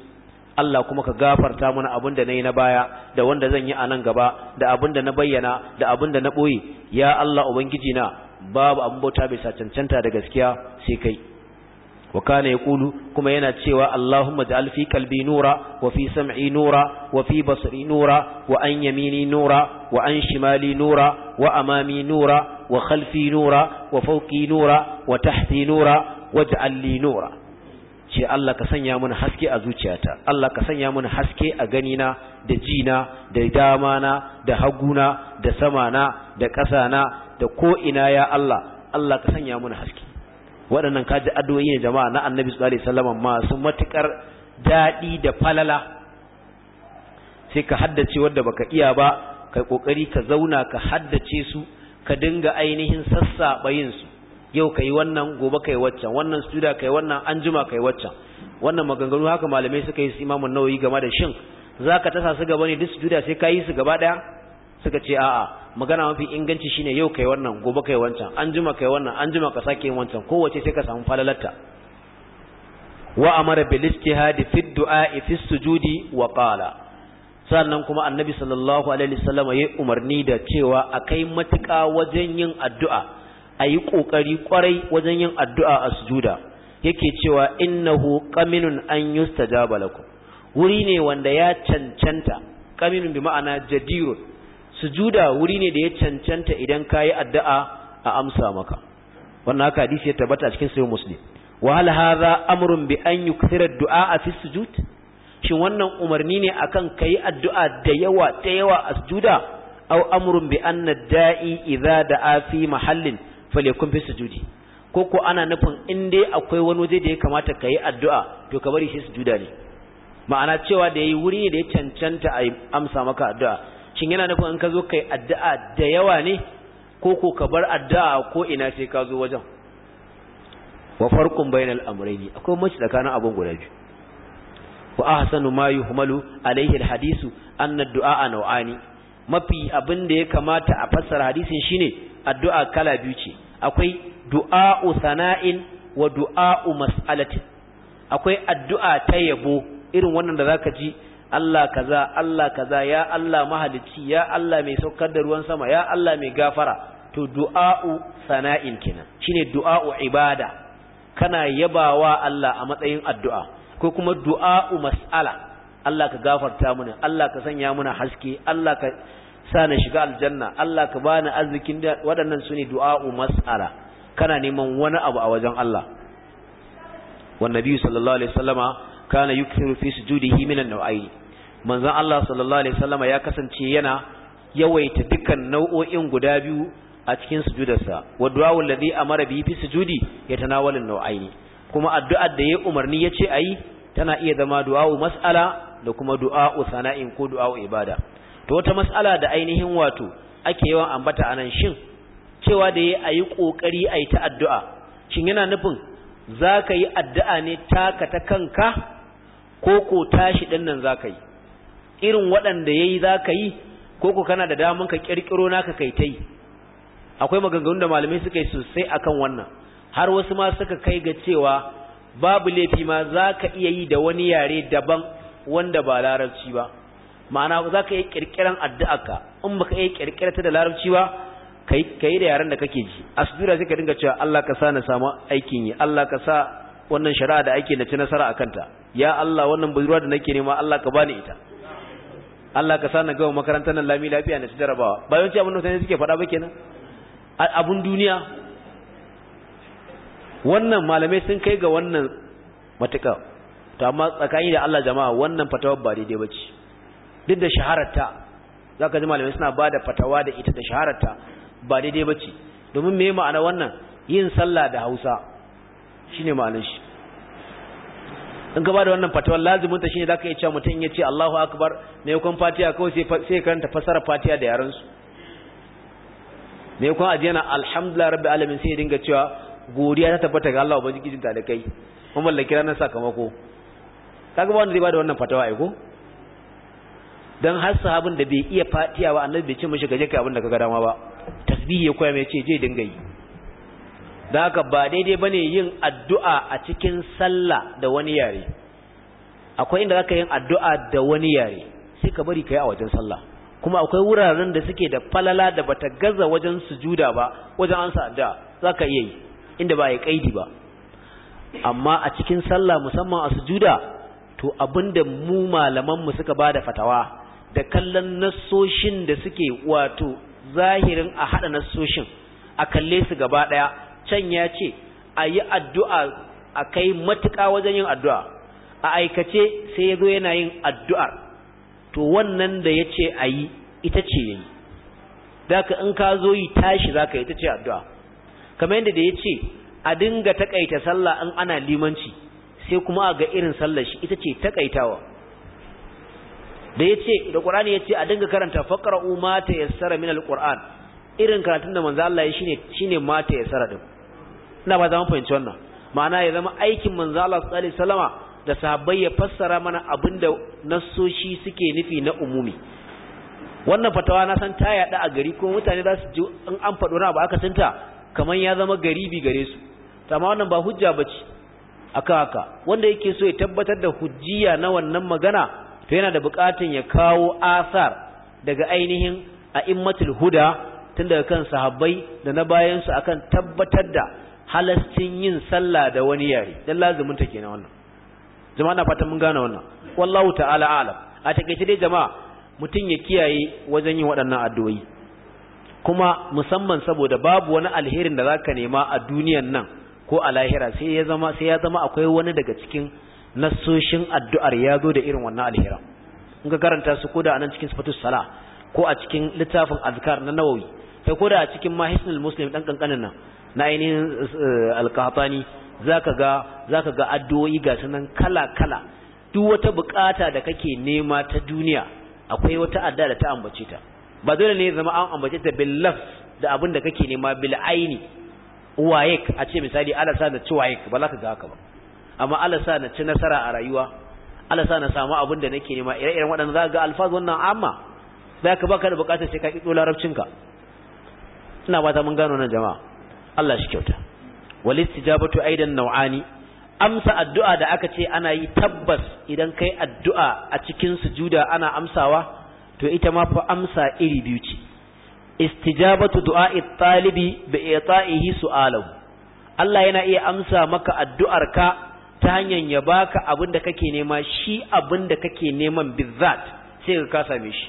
Allah kuma ka gafarta mana abin da na yi na baya da wanda zan yi a nan gaba da abin da na bayyana da abin da na ɓoye ya Allah ubangiji na babu abin bauta bai cancanta da gaskiya sai kai wa kana yaqulu kuma yana cewa Allahumma ja'al fi kalbi nura wa fi sam'i nura wa fi basri nura wa an yamini nura wa an shimali nura wa amami nura wa khalfi nura wa fawqi nura wa tahti nura waj'al li nura ce Allah ka sanya mun haske a zuciyata Allah ka sanya mun haske a gani na, da jina da dama damana da haguna da sama na, da ƙasana da ko ina ya Allah Allah ka sanya mun haske waɗannan kaji addu'o'i ne jama'a na Annabi sallallahu alaihi wasallam masu matukar dadi da falala sai ka haddace wanda baka iya ba kai kokari ka zauna ka haddace su ka dinga ainihin sassaɓa yin su yau kai wannan gobe kai waccan wannan suda kai wannan anjima kai waccan wannan maganganu haka malamai suka yi su imamun nauyi game da shin zaka tasa su gaba ne duk suda sai ka yi su gaba daya suka ce a'a magana mafi inganci shine yau kai wannan gobe kai wancan anjima kai wannan anjima ka sake yin wancan kowace sai ka samu falalarta wa amara bil istihad fi du'a fi sujudi wa qala sannan kuma annabi sallallahu alaihi wasallam ya umarni da cewa akai matuƙa wajen yin addu'a a yi ƙoƙari ƙwarai wajen yin addu'a a sujuda yake cewa innahu qaminun an yustajaba lakum wuri ne wanda ya cancanta ƙaminun bi ma'ana jadirun sujuda wuri ne da ya cancanta idan ka yi addu'a a amsa maka wannan haka hadisi ya tabbata a cikin sahih muslim wa hal za amrun bi an yukthira ad-du'a fi sujud shin wannan umarni ne akan kan addu'a da yawa da yawa a sujuda aw amrun bi anna da'i idza da'a fi mahallin kun fi sujudi ko ko ana nufin in dai akwai wani waje da ya kamata ka yi addu'a to ka bari shi sujuda ne ma'ana cewa da yayi wuri da ya cancanta a amsa maka addu'a shin yana nufin in ka zo kai addu'a da yawa ne ko ko ka bar addu'a ko ina sai ka zo wajen wa farqun bainal amrayni akwai mace tsakanin abun guda biyu wa ahsanu ma yuhmalu alayhi alhadisu anna ad-du'a naw'ani mafi abin da ya kamata a fassara hadisin shine addu'a kala biyu ce akwai du'a'u sana'in wa du'a'u mas'alatin akwai addu'a ta yabo irin wannan da zaka ji Allah kaza Allah kaza ya Allah mahalicci ya Allah mai saukar da ruwan sama ya Allah mai gafara to du'a'u sana'in kenan shine du'a'u ibada kana yabawa Allah a matsayin addu'a ko kuma du'a'u mas'ala Allah ka gafarta mana Allah ka sanya mana haske Allah ka sa na shiga aljanna Allah ka bani arzikin da waɗannan su ne du'a'u mas'ala kana neman wani abu a wajen Allah wa nabi sallallahu alaihi wasallama kana yukthiru fi sujudihi min an-naw'ain manzon Allah sallallahu alaihi wasallama ya kasance yana yawaita dukkan nau'o'in guda biyu a cikin sujudarsa wa du'a'u alladhi amara bihi fi sujudi yatanawalu an-naw'ain kuma addu'ar da ya umarni yace ayi tana iya zama du'a'u mas'ala da kuma du'a'u sana'in ko du'a'u ibada to wata mas'ala da ainihin wato ake yawan ambata anan shin cewa da yayi ayi kokari ayi ta addu'a shin yana nufin zaka yi addu'a ne taka ta kanka ko ko tashi din nan zaka yi irin waɗanda yayi zaka yi ko ko kana da damar ka kirkiro naka kai tai akwai maganganun da malamai suka yi sosai akan wannan har wasu ma suka kai ga cewa babu laifi ma zaka iya yi da wani yare daban wanda ba larabci ba ma'ana za ka yi kirkiran ka in ba ka yi kirkirta da larabci ba ka yi da yaren da kake ji a sujura sai ka dinga cewa Allah ka sa na samu aikin yi Allah ka sa wannan shari'a da ake na ci nasara a kanta ya Allah wannan budurwa da nake nema Allah ka bani ita Allah ka sa na gama makarantar nan lami lafiya na ci jarabawa bayan ci abin da sai suke faɗa ba kenan abun duniya wannan malamai sun kai ga wannan matuƙa to amma tsakani da Allah jama'a wannan fatawar ba daidai ba ce duk da shahararta za ka ji malamai suna ba da fatawa da ita da shahararta ba daidai ba ce domin me ma'ana wannan yin sallah da hausa shi ne ma'anin shi in ka ba da wannan fatawa laziminta shi ne za ka iya cewa mutum ya ce allahu akbar maimakon fatiya kawai sai karanta fasara fatiya da yarensu maimakon ajiyana alhamdulillah rabbi alamin sai ya dinga cewa godiya ta tabbata ga allah ubangiji da kai mamallakin ranar sakamako kaga ba wanda zai ba da wannan fatawa ai ko dan har sahabin da bai iya fatiya ba annabi bai ce mishi gaje kai abin da kaga dama ba tasbihi ya koya mai ce je dinga yi dan haka ba daidai bane yin addu'a a cikin sallah da wani yare akwai inda zaka yin addu'a da wani yare sai ka bari kai a wajen sallah kuma akwai wuraren da suke da falala da bata gaza wajen sujuda ba wajen ansa addu'a zaka iya yi inda ba ya kaidi ba amma a cikin sallah musamman a sujuda to abinda mu malaman mu suka bada fatawa da kallon nasoshin da suke wato zahirin a haɗa nassoshin a kalle su gaba ɗaya can ya ce a yi addu'a a kai matuƙa wajen yin addu'a a aikace sai ya zo yana yin addu'ar to wannan da ya ce a yi ita ce ya yi Za ka in ka zo yi tashi za ka yi ita ce addu'a kamar yadda da ya ce a dinga taƙaita sallah in ana limanci sai kuma a ga irin sallar shi ita ce taƙaitawa da ya ce da ya ce a dinga karanta faqra'u ta ya min minal irin karatun da manzo Allah ya shine shine ma din ina ba zama fahimci wannan ma'ana ya zama aikin manzo Allah sallallahu alaihi da sahabbai ya fassara mana abin da nasoshi suke nufi na umumi wannan fatawa na san ta yada a gari kuma mutane za su ji in an faɗo na ba aka santa kamar ya zama garibi gare su amma wannan ba hujja bace aka haka wanda yake so ya tabbatar da hujjiya na wannan magana to yana da bukatun ya kawo asar daga ainihin a'immatul huda tun daga kan sahabbai da na bayan su akan tabbatar da halascin yin sallah da wani yare dan lazumin ta kenan wannan jama'a na fatan mun gane wannan wallahu ta'ala alam a takeice dai jama'a mutum ya kiyaye wajen yin waɗannan addu'o'i kuma musamman saboda babu wani alherin da za ka nema a duniyan nan ko a lahira sai ya zama akwai wani daga cikin nassoshin addu'ar ya zo da irin wannan alhira in ka karanta su koda anan cikin sifatus sala ko a cikin littafin azkar na nawawi sai koda a cikin mahisnul muslim dan kankanin nan na ainihin eh, alqahtani zaka ga zaka ga addu'o'i ga sanan kala kala duk wata bukata da kake nema ta duniya akwai wata adda da ta ambace ta ba dole ne zama an ambace ta bil laf da abin da kake nema bil aini wayek a ce misali alasa da ciwayek ba za ka ga haka ba amma Allah sa na ci nasara a rayuwa Allah sa na samu abin da nake nema ire-iren waɗanda zaka ga alfaz wannan amma zaka baka da bukatar sai ka kido larabcinka ina ba ta mun gano nan jama'a Allah shi kyauta wal istijabatu aidan nau'ani amsa addu'a da aka ce ana yi tabbas idan kai addu'a a cikin sujuda ana amsawa to ita ma fa amsa iri biyu ce istijabatu du'a'i talibi bi ita'ihi su'alahu Allah yana iya amsa maka addu'arka ta hanyar ya baka abin da kake nema shi abin da kake neman bizzat sai ka same shi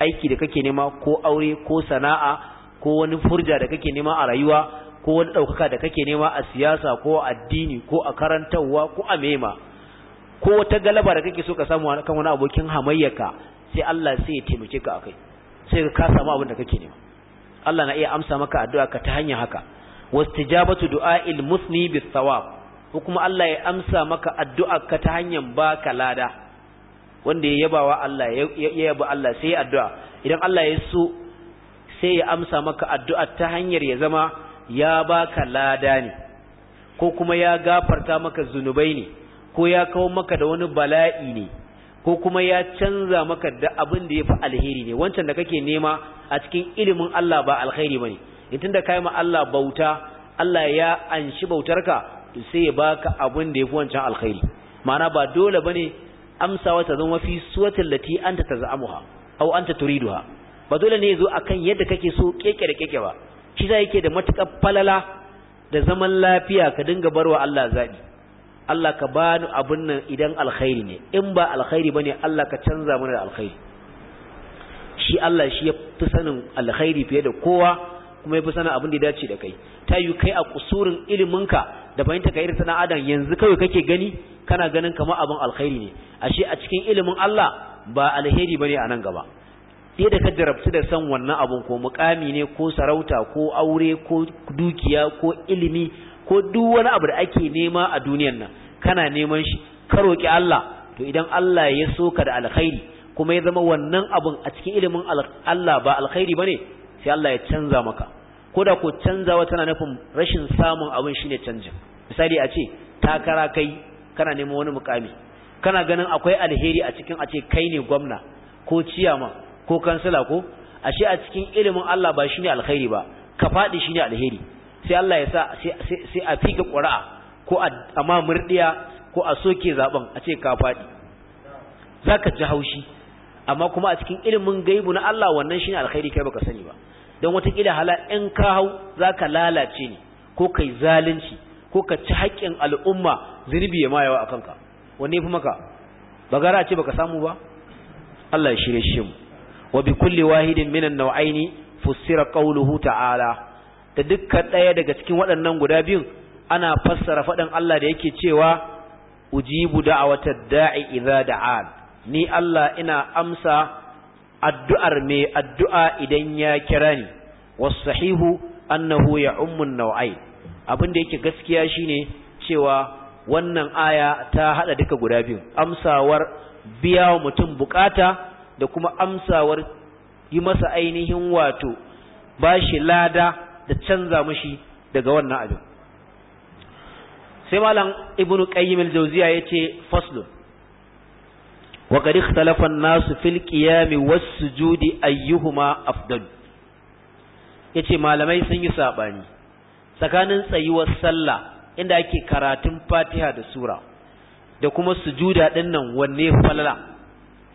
aiki da kake nema ko aure ko sana'a ko wani furja da kake nema a rayuwa ko wani ɗaukaka da kake nema a siyasa ko a addini ko a karantarwa ko a mema ko wata galaba da kake so ka samu kan wani abokin hamayyaka sai Allah sai ya taimake ka akai sai ka samu abin da kake nema Allah na iya amsa maka addu'a ka ta hanyar haka wastijabatu du'a'il musni bis thawab ko kuma Allah ya amsa maka addu'a ka ta hanyar baka lada wanda ya yaba wa Allah ya yaba Allah sai addu'a idan Allah ya so sai ya amsa maka addu'a ta hanyar ya zama ya baka lada ne ko kuma ya gafarta maka zunubai ne ko ya kawo maka da wani bala'i ne ko kuma ya canza maka da abin da ya fi alheri ne wancan da kake nema a cikin ilimin Allah ba alheri ba ne tun da yi ma Allah bauta Allah ya anshi bautarka to sai ya baka abin da yafi wancan alkhairi ma'ana ba dole bane amsawa ta zama fi suwatin lati anta tazamuha aw anta turiduha ba dole ne yazo akan yadda kake so keke da keke ba shi za yake da matukar falala da zaman lafiya ka dinga barwa Allah zabi Allah ka bani abin nan idan alkhairi ne in ba alkhairi bane Allah ka canza mana da alkhairi shi Allah shi ya fi sanin alkhairi fiye da kowa kuma yafi sana abin da ya dace da kai ta yi kai a kusurin iliminka da fahimta ka irin sana adam yanzu kawai kake gani kana ganin kamar abin alkhairi ne ashe a cikin ilimin Allah ba alheri bane a nan gaba dai da ka jarabtu da san wannan abun ko mukami ne ko sarauta ko aure ko dukiya ko ilimi ko duk wani abu da ake nema a duniyan nan kana neman shi ka roki Allah to idan Allah ya soka da alkhairi kuma ya zama wannan abun a cikin ilimin Allah ba alkhairi bane sai Allah ya canza maka ko da ko canzawa tana nufin rashin samun abin shine canjin misali a ce takara kai kana neman wani mukami kana ganin akwai alheri a cikin a ce kai ne gwamna ko ciyama ko kansila ko ashe a cikin ilimin Allah ba shine alkhairi ba ka fadi shine alheri sai Allah ya sa sai a fika ƙura'a ko a murdiya ko a soke zaben a ce ka fadi zaka ji haushi amma kuma a cikin ilimin gaibu na Allah wannan shine alkhairi kai baka sani ba don watakila hala in ka hau za ka lalace ni ko kai zalunci ko ka ci haƙƙin al'umma zunubi ya mayawa a kanka wani fi maka ba gara ce baka samu ba Allah ya shirye shi mu wa bi kulli wahidin minan nau'aini fusira qawluhu ta'ala da duka ɗaya daga cikin waɗannan guda biyun ana fassara faɗin Allah da yake cewa ujibu wata da'i idza da'an ni Allah ina amsa addu'ar mai addu'a idan ya kira ni sahihu annahu ya ummun nau'ai abin da yake gaskiya shine cewa wannan aya ta haɗa duka guda biyu amsawar biya wa mutum bukata da kuma amsawar yi masa ainihin wato bashi lada da canza mashi daga wannan abin sai malam ibnu qayyim al-jawziya yace faslun wa qad ikhtalafa an-nasu fil qiyami was-sujudi ayyuhuma afdal yace malamai sun yi sabani tsakanin tsayuwar sallah inda ake karatun Fatiha da sura da kuma sujuda dinnan wanne falala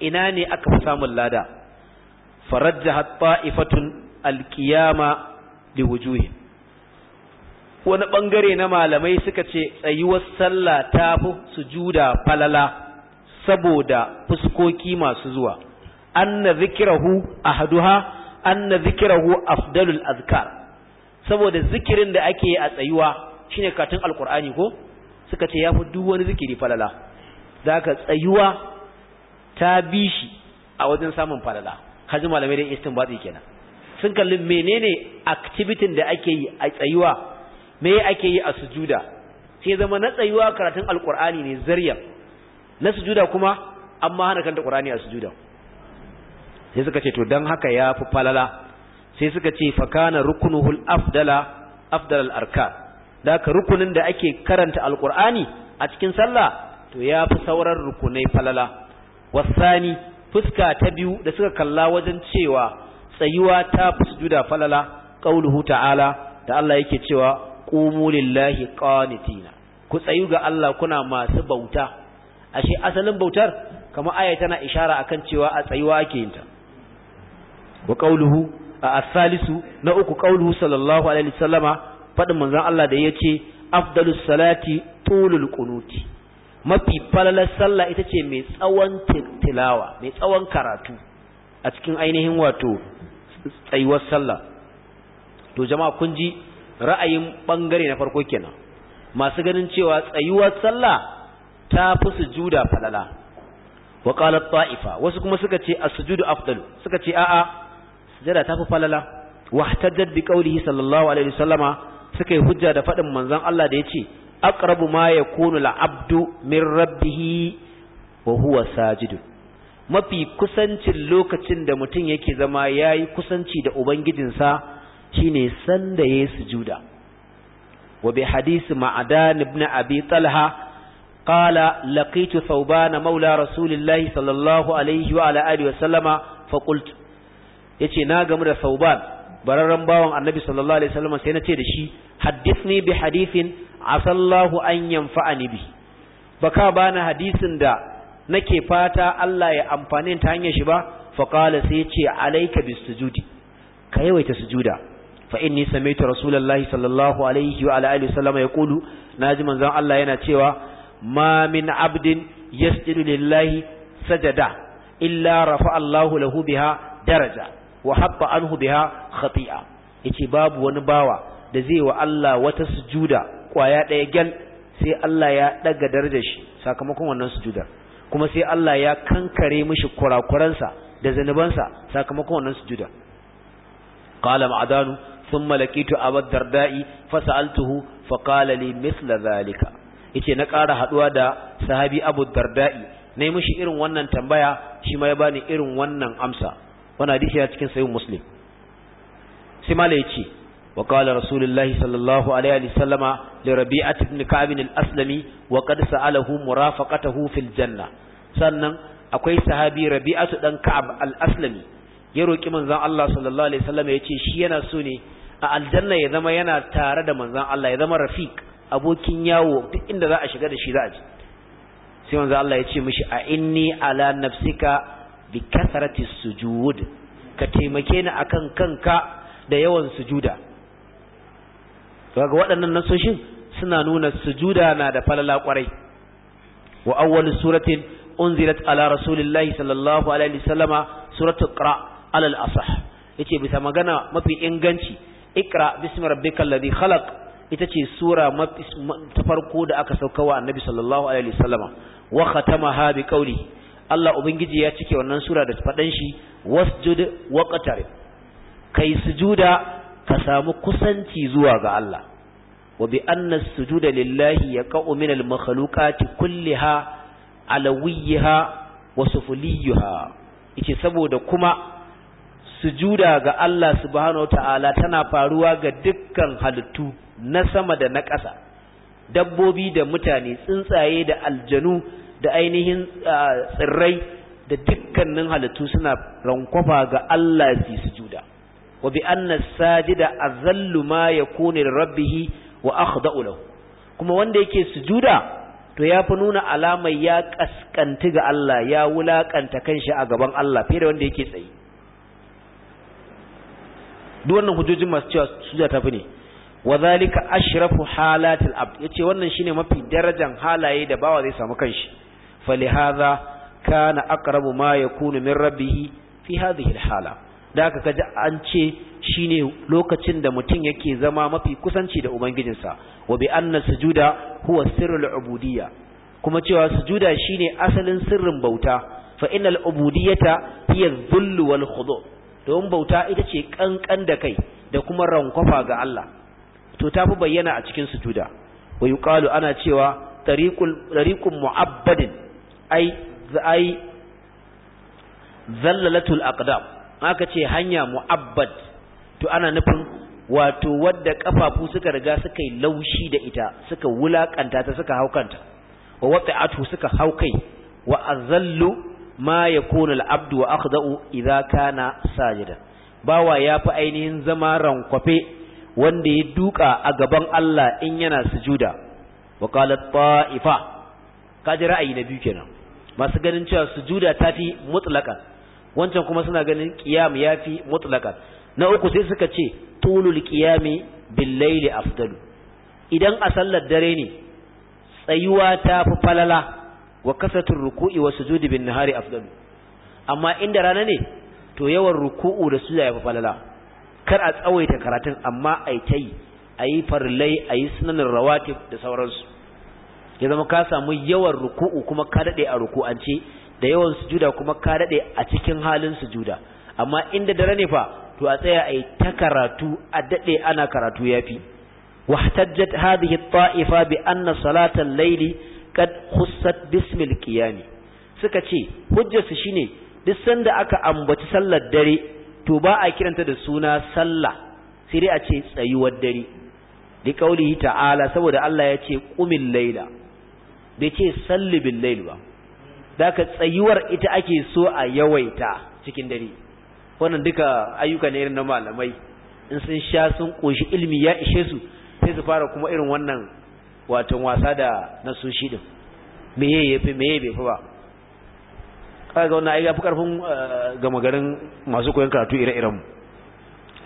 ina ne aka fi samun lada farajjahat ta'ifatun al da liwujuhin wani bangare na malamai suka ce tsayuwar sallah ta fi sujuda falala saboda fuskoki masu zuwa anna zikirahu ahaduha anna zikirahu afdalul azkar saboda zikirin da ake a tsayuwa shine katin alqur'ani ko suka ce yafi duk wani zikiri falala zaka tsayuwa ta bishi a wajen samun falala kaji malamai da istinbati kenan sun kalli menene activity da ake yi a tsayuwa me ake yi a sujuda sai zama na tsayuwa karatun alqur'ani ne zariyar na sujuda kuma amma hana kanta qur'ani a sujuda sai suka ce to dan haka ya fi falala sai suka ce fa kana ruknuhul afdala afdal al arkan da ka rukunin da ake karanta alqur'ani a cikin sallah to ya fi sauran rukunai falala wasani fuska ta biyu da suka kalla wajen cewa tsayuwa ta fi sujuda falala qauluhu ta'ala da Allah yake cewa qumu lillahi qanitina ku tsayu ga Allah kuna masu bauta ashe asalin bautar kamar aya tana ishara akan cewa a tsayuwa ake yin ta wa qauluhu a salisu na uku qauluhu sallallahu alaihi wasallama fadin manzon Allah da yace afdalus salati tulul qunuti mafi falalar sallah ita ce mai tsawon tilawa mai tsawon karatu a cikin ainihin wato tsayuwar sallah to jama'a kun ji ra'ayin bangare na farko kenan masu ganin cewa tsayuwar sallah ta fi sujuda falala wa qalat ta'ifa wasu kuma suka ce as-sujudu afdalu suka ce a'a sujada ta fi falala wahtajjat bi qawlihi sallallahu alaihi wasallama suka yi hujja da fadin manzon Allah da yace aqrabu ma yakunu al-abdu min rabbih wa huwa sajid mafi kusancin lokacin da mutum yake zama yayi kusanci da ubangijinsa shine sanda yayi sujuda wa bi hadisi ma'adan ibn abi talha قال لقيت ثوبان مولى رسول الله صلى الله عليه وعلى آله وسلم فقلت يتي ناغم دا ثوبان بررن باوان النبي صلى الله عليه وسلم سي نتي دشي حدثني بحديث عسى الله أن ينفعني به baka bana hadisin da nake fata Allah ya amfane ta hanyar shi ba fa qala sai yace alayka bisujudi ka yawaita sujuda fa inni sami'tu rasulullahi sallallahu alaihi wa alihi wasallama yaqulu naji manzon Allah yana cewa ma min abdin yasjudu lillahi sajada illa rafa Allahu lahu biha daraja wa habba anhu biha khati'a yace babu wani bawa da zai wa Allah wata sujuda kwaya ɗaya gal sai Allah ya daga darajar shi sakamakon wannan sujudar kuma sai Allah ya kankare mishi kurakuransa da zanubansa sakamakon wannan sujuda qala ma'adanu thumma laqitu abad darda'i fasaltuhu faqala li mithla dhalika yace na ƙara haɗuwa da sahabi Abu Darda'i nayi mishi irin wannan tambaya shi ma ya bani irin wannan amsa wannan hadisi ya cikin sahih Muslim sai mala yace wa qala rasulullahi sallallahu alaihi wa sallama li Rabi'at ibn Ka'b al-Aslami wa qad sa'alahu murafaqatahu fil janna sannan akwai sahabi Rabi'atu dan Ka'b al-Aslami ya roki manzon Allah sallallahu alaihi wasallam yace shi yana so ne a aljanna ya zama yana tare da manzon Allah ya zama rafiq abokin yawo duk inda za a shiga da shi za a ji sai wanzu Allah ya ce mishi a inni ala nafsika bi kasarati sujud ka taimake ni akan kanka da yawan sujuda kaga waɗannan nasoshin suna nuna sujuda na da falala kwarai wa awwal suratin unzilat ala rasulillahi sallallahu alaihi wasallama suratul qira ala al asah yace bisa magana mafi inganci iqra bismi rabbikal ladhi khalaq ita ce sura ta farko da aka sauka wa annabi sallallahu alaihi wasallama wa ha bi qawli Allah ubangiji ya cike wannan sura da fadan shi wasjud waqtar kai sujuda ka samu kusanci zuwa ga Allah wa bi anna sujuda lillahi yaqa'u min al makhluqati kulliha alawiyha wa sufuliyha yace saboda kuma sujuda ga Allah subhanahu wa ta'ala tana faruwa ga dukkan halittu na sama da na ƙasa dabbobi da mutane tsuntsaye da aljanu da ainihin tsirrai da dukkanin halittu suna rankwafa ga Allah su sujuda wa bi anna sajida azallu ma yakunu lirabbih wa akhda'u lahu kuma wanda yake sujuda to ya fi nuna alamar ya kaskanti ga Allah ya wulakanta kanshi a gaban Allah fiye da wanda yake tsayi. duk wannan hujjojin masu cewa ta tafi ne wazalika zalika ashrafu halatil abd yace wannan shine mafi darajan halaye da bawa zai samu kanshi falihaza kana aqrabu ma yakunu min rabbih fi hadhihi alhala da haka kaji an ce shine lokacin da mutum yake zama mafi kusanci da ubangijinsa wa bi anna sujuda huwa sirrul ubudiyya kuma cewa sujuda shine asalin sirrin bauta fa innal ubudiyyata hiya dhullu wal khudu don bauta ita ce kankan da kai da kuma rankwafa ga Allah to tafi bayyana a cikin sujuda wa yuqalu ana cewa tariqul tariqum mu'abbadin ai ai zallalatul aqdam aka ce hanya mu'abbad to ana nufin wato wadda kafafu suka riga suka yi laushi da ita suka wulakanta ta suka haukanta wa waqi'atu suka haukai wa azallu ma yakunu al-abdu wa akhda'u idza kana sajida bawa yafi ainihin zama rankwafe wanda ya duka a gaban Allah in yana sujuda wa qala ta'ifa ji ra'ayi na biyu kenan masu ganin cewa sujuda ta fi mutlaka wancan kuma suna ganin qiyam fi mutlaka na uku sai suka ce tulul qiyami bil layli afdalu idan a sallar dare ne tsayuwa ta fi falala wa kasatul ruku'i wa sujudi bin nahari afdalu amma inda rana ne to yawan ruku'u da sujuda ya fi falala kar a tsawaita karatun amma a yi ta yi a yi farlai a yi sunanin da sauransu ya zama ka samu yawan ruku'u kuma ka daɗe a ruku'ance da yawan sujuda kuma ka daɗe a cikin halin sujuda amma inda dare ne fa to a tsaya a yi ta karatu a daɗe ana karatu ya fi wahtajjat hadhihi ta'ifa bi anna salatan layli qad khussat bismil qiyam suka ce hujjarsu shine duk sanda aka ambaci sallar dare to ba a kiranta da suna sallah sai dai a ce tsayuwar dare da kaulihi ta'ala saboda Allah ya ce qumil laila bai ce salli bil lail ba daka tsayuwar ita ake so a yawaita cikin dare wannan duka ayyuka ne irin na malamai in sun sha sun koshi ilmi ya ishe su sai su fara kuma irin wannan wato wasa da shi din meye yafi meye bai fi ba kaga wannan ai yafi karfin eh, gama garin masu koyon karatu ire-iren mu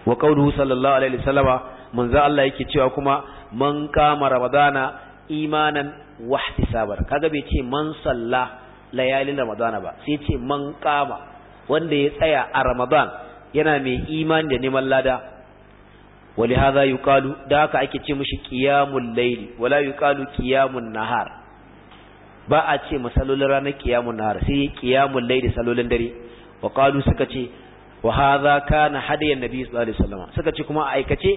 wa qawluhu sallallahu alaihi wasallama manzo Allah yake cewa kuma man kama ramadana imanan wa ihtisabar kaga bai ce man salla layalin ramadana ba sai ce man kama wanda ya tsaya a ramadan yana mai imani da neman lada yuqalu da haka ake ce mishi qiyamul layli wala yuqalu qiyamun nahar ba a ce masalolin ranar kiyamun nahar sai kiyamun laidi salolin dare wa qalu suka ce wa hadha kana hadiyan nabi sallallahu alaihi wasallam suka ce kuma a aikace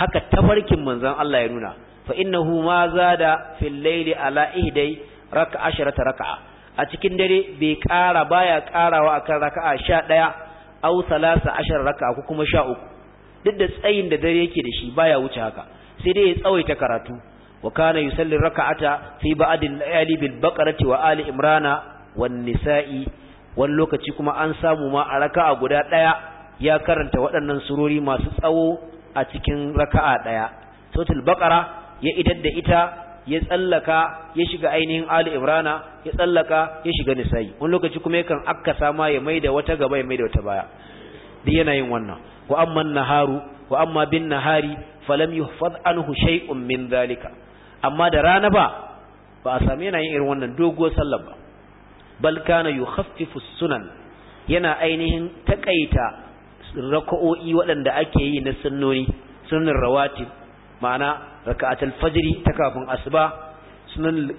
haka tafarkin manzon Allah ya nuna fa innahu ma zada fil laili ala ihdai raka ta raka'a a cikin dare bai ƙara baya ƙarawa akan raka'a 11 au 13 raka'a ko kuma sha uku duk da tsayin da dare yake da shi baya wuce haka sai dai ya tsawaita karatu wa kana yusalli raka'ata fi ba'd al-layali bil baqarati wa imrana wan nisa'i wani lokaci kuma an samu ma a raka'a guda ɗaya ya karanta waɗannan surori masu tsawo a cikin raka'a ɗaya. suratul Bakara ya idar da ita ya tsallaka ya shiga ainihin ali imrana ya tsallaka ya shiga nisa'i wani lokaci kuma yakan akka sama ya maida wata gaba ya maida wata baya duk yana yin wannan wa amma naharu wa amma bin nahari falam yuhfaz anhu shay'un min amma da rana ba ba a sami yana yin irin wannan doguwar sallar ba Balkana kana yukhaffifu sunan yana ainihin takaita raka'o'i waɗanda ake yi na sunnoni sunan rawatib ma'ana raka'atul fajri ta kafin asuba sunan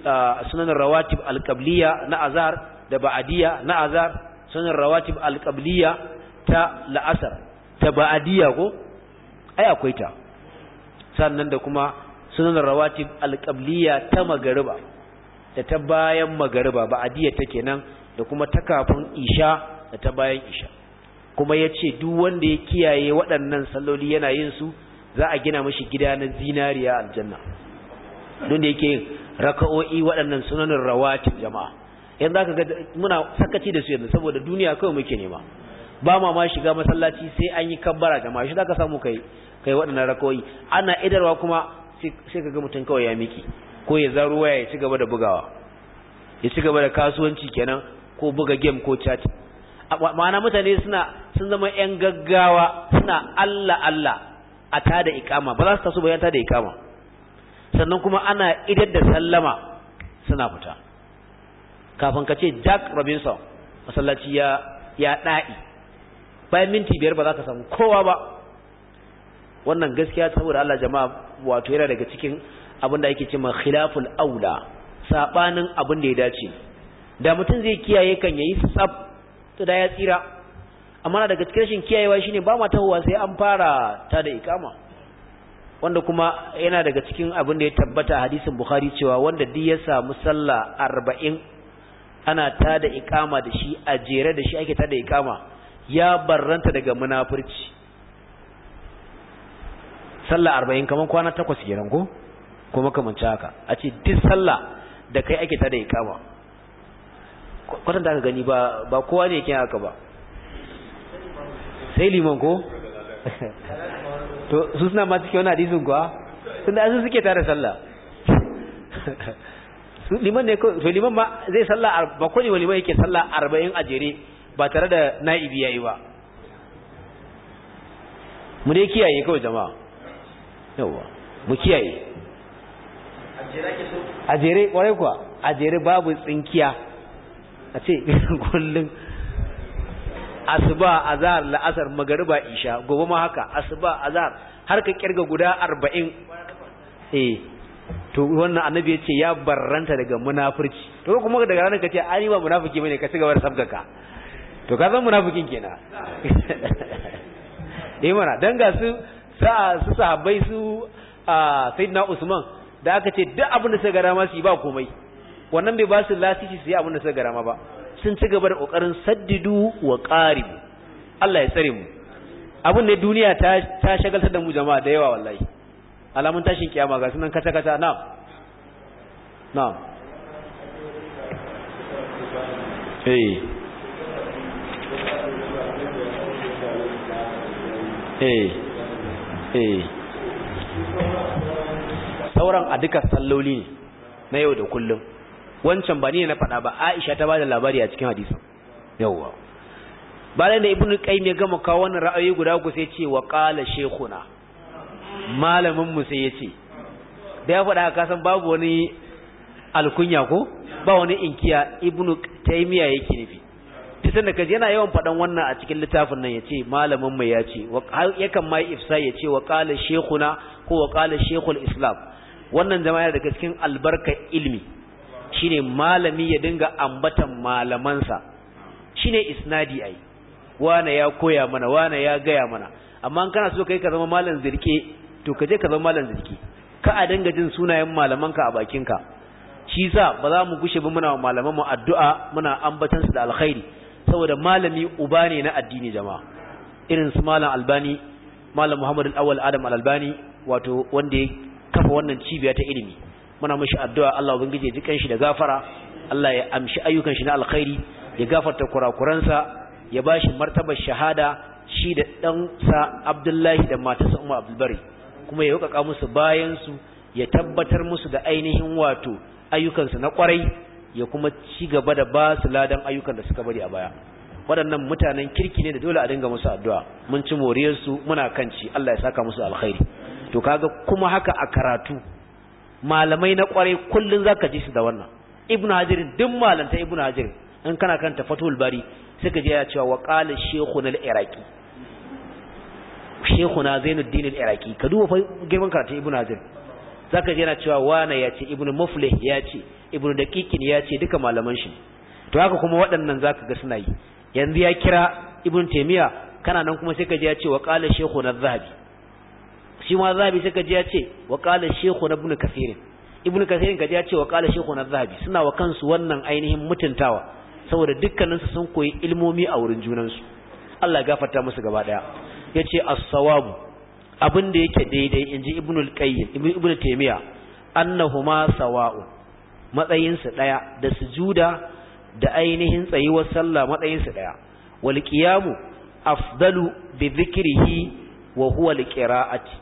sunan rawatib alqabliya na azhar da ba'diya na azhar sunan rawatib alqabliya ta la'asar ta ba'diya ko ai akwai ta sannan da kuma sunan rawatib alqabliya ta magariba da ta bayan magariba ba'diyya ta nan da kuma ta kafin isha da ta bayan isha kuma yace duk wanda ya kiyaye waɗannan salloli yana yin su za a gina mashi gida na zinariya aljanna don da yake raka'o'i waɗannan sunanin rawatib jama'a yanzu zaka ga muna sakaci da su yanzu saboda duniya kawai muke nema ba ma ma shiga masallaci sai an yi kabbara jama'a shi zaka samu kai kai waɗannan raka'o'i ana idarwa kuma sai kaga mutum kawai ya miki ko ya zaro waya ya ci gaba da bugawa ya ci gaba da kasuwanci kenan ko buga game ko chat ma'ana mutane suna sun zama yan gaggawa suna Allah Allah a da ikama ba za su taso bayan da ikama sannan kuma ana idar da sallama suna fita kafin ka ce Jack Robinson masallaci ya ya da'i bayan minti biyar ba za ka samu kowa ba wannan gaskiya saboda Allah jama'a wato yana daga cikin abin da ake cewa khilaful aula sabanin abin da ya dace da mutum zai kiyaye kan yayi tsab to da ya tsira amma na daga cikin shin kiyayewa shine ba ma tahowa sai an fara ta da ikama wanda kuma yana daga cikin abin da ya tabbata hadisin bukhari cewa wanda duk ya samu sallah arba'in ana ta da ikama da shi a jere da shi ake ta da ikama ya barranta daga munafurci sallah arba'in kamar kwana takwas kenan ko ko makamanci haka a ce duk sallah da kai ake tada ikama kwatan da aka gani ba ba kowa ne yake haka ba sai liman ko (laughs) to su suna ma cikin wani hadisin kuwa da su suke tare sallah (laughs) liman ne ko to liman ma zai sallah ba ko ne liman yake sallah arba'in a jere ba tare da na'ibi yayi ba mu dai kiyaye kawai jama'a yawa mu kiyaye a jere kwarai kuwa a jere babu tsinkiya a ce (laughs) kullum asuba azhar la'asar magariba isha gobe ma haka asuba azhar har ka kirga guda 40 eh to wannan annabi yace ya barranta daga munafurci to kuma daga ranar ka kace ai ba munafiki bane ka ci gaba da sabgaka to ka san munafikin kenan (laughs) eh mana dan ga su sa su sahabbai su sayyidina Usman da aka ce duk abin da suka ga dama su yi ba komai wannan bai ba su lasisi su yi abin da suka ga dama ba sun ci gaba da kokarin saddidu wa qarib Allah ya tsare mu abin ne duniya ta ta shagaltar da mu jama'a da yawa wallahi alamun tashin kiyama ga sunan kata kata na'am na'am eh eh eh sauran a duka salloli ne na yau da kullum wancan ba ni na faɗa ba Aisha ta ba da labari a cikin hadisin yauwa bayan da ibnu qayyim ya gama kawo wannan ra'ayi guda ku sai ce wa qala shaykhuna malamin mu sai yace da ya faɗa ka san babu wani alkunya ko ba wani inkiya ibnu taymiya yake nufi kisan da kaji yana yawan faɗan wannan a cikin littafin nan ya ce malamin mu ya ce yakan ma ifsa ya ce wa ƙala shekuna ko wa ƙala shekul islam wannan jama'a daga cikin albarka ilmi shine malami ya dinga ambatan malamansa shine isnadi yi wane ya koya mana wane ya gaya mana amma an kana so kai ka zama malam zirke to kaje ka zama malam zirke ka a dinga jin sunayen malamanka a bakinka shi sa ba za mu gushe ba muna malaman mu addu'a muna ambatan su da alkhairi saboda malami uba ne na addini jama'a irin su malam albani malam muhammad al-awwal adam al wato wanda ya kafa wannan cibiya ta ilimi muna mishi addu'a Allah ubangiji jikan ji shi da gafara Allah ya amshi ayyukan shi na alkhairi ya gafarta kurakuransa ya bashi martabar shahada shi da dan sa Abdullahi da matarsa Umma Abdulbari kuma ya hukaka musu bayan su ya tabbatar musu da ainihin wato ayyukansu na kwarai ya kuma ci gaba da ba su ladan ayyukan da suka bari a baya waɗannan mutanen kirki ne da dole a dinga musu addu'a mun ci moriyarsu muna kan ci Allah ya saka musu alkhairi to kaga kuma haka a karatu malamai na kwarai kullun zaka ji su da wannan ibnu hajir duk malanta ibnu hajir in kana kan ta fatul bari sai ka ji ya cewa wa qala shaykhun al-iraqi shaykhun zainuddin al-iraqi ka duba girman karatu ibnu hajir zaka ji yana cewa wana ya ce ibnu muflih ya ce ibnu daqiqin ya ce duka malaman shi to haka kuma waɗannan zaka ga suna yi yanzu ya kira ibnu taymiya kana nan kuma sai ka ji ya ce wa qala shaykhu zahabi shi ma zahabi sai ka ji ya ce wa qala shaykhu ibnu kathir ibnu kathir ka ji ya ce wa qala shaykhu zahabi suna wa kansu wannan ainihin mutuntawa saboda dukkaninsu sun koyi ilmomi a wurin junansu Allah gafarta musu gaba daya yace as-sawabu abin da yake daidai inji ibnu al-qayyim ibnu taymiya annahuma sawa'un matsayinsu ɗaya da sujuda da ainihin tsayuwar sallah matsayinsu ɗaya wal qiyamu afdalu bi dhikrihi wa huwa al qira'ati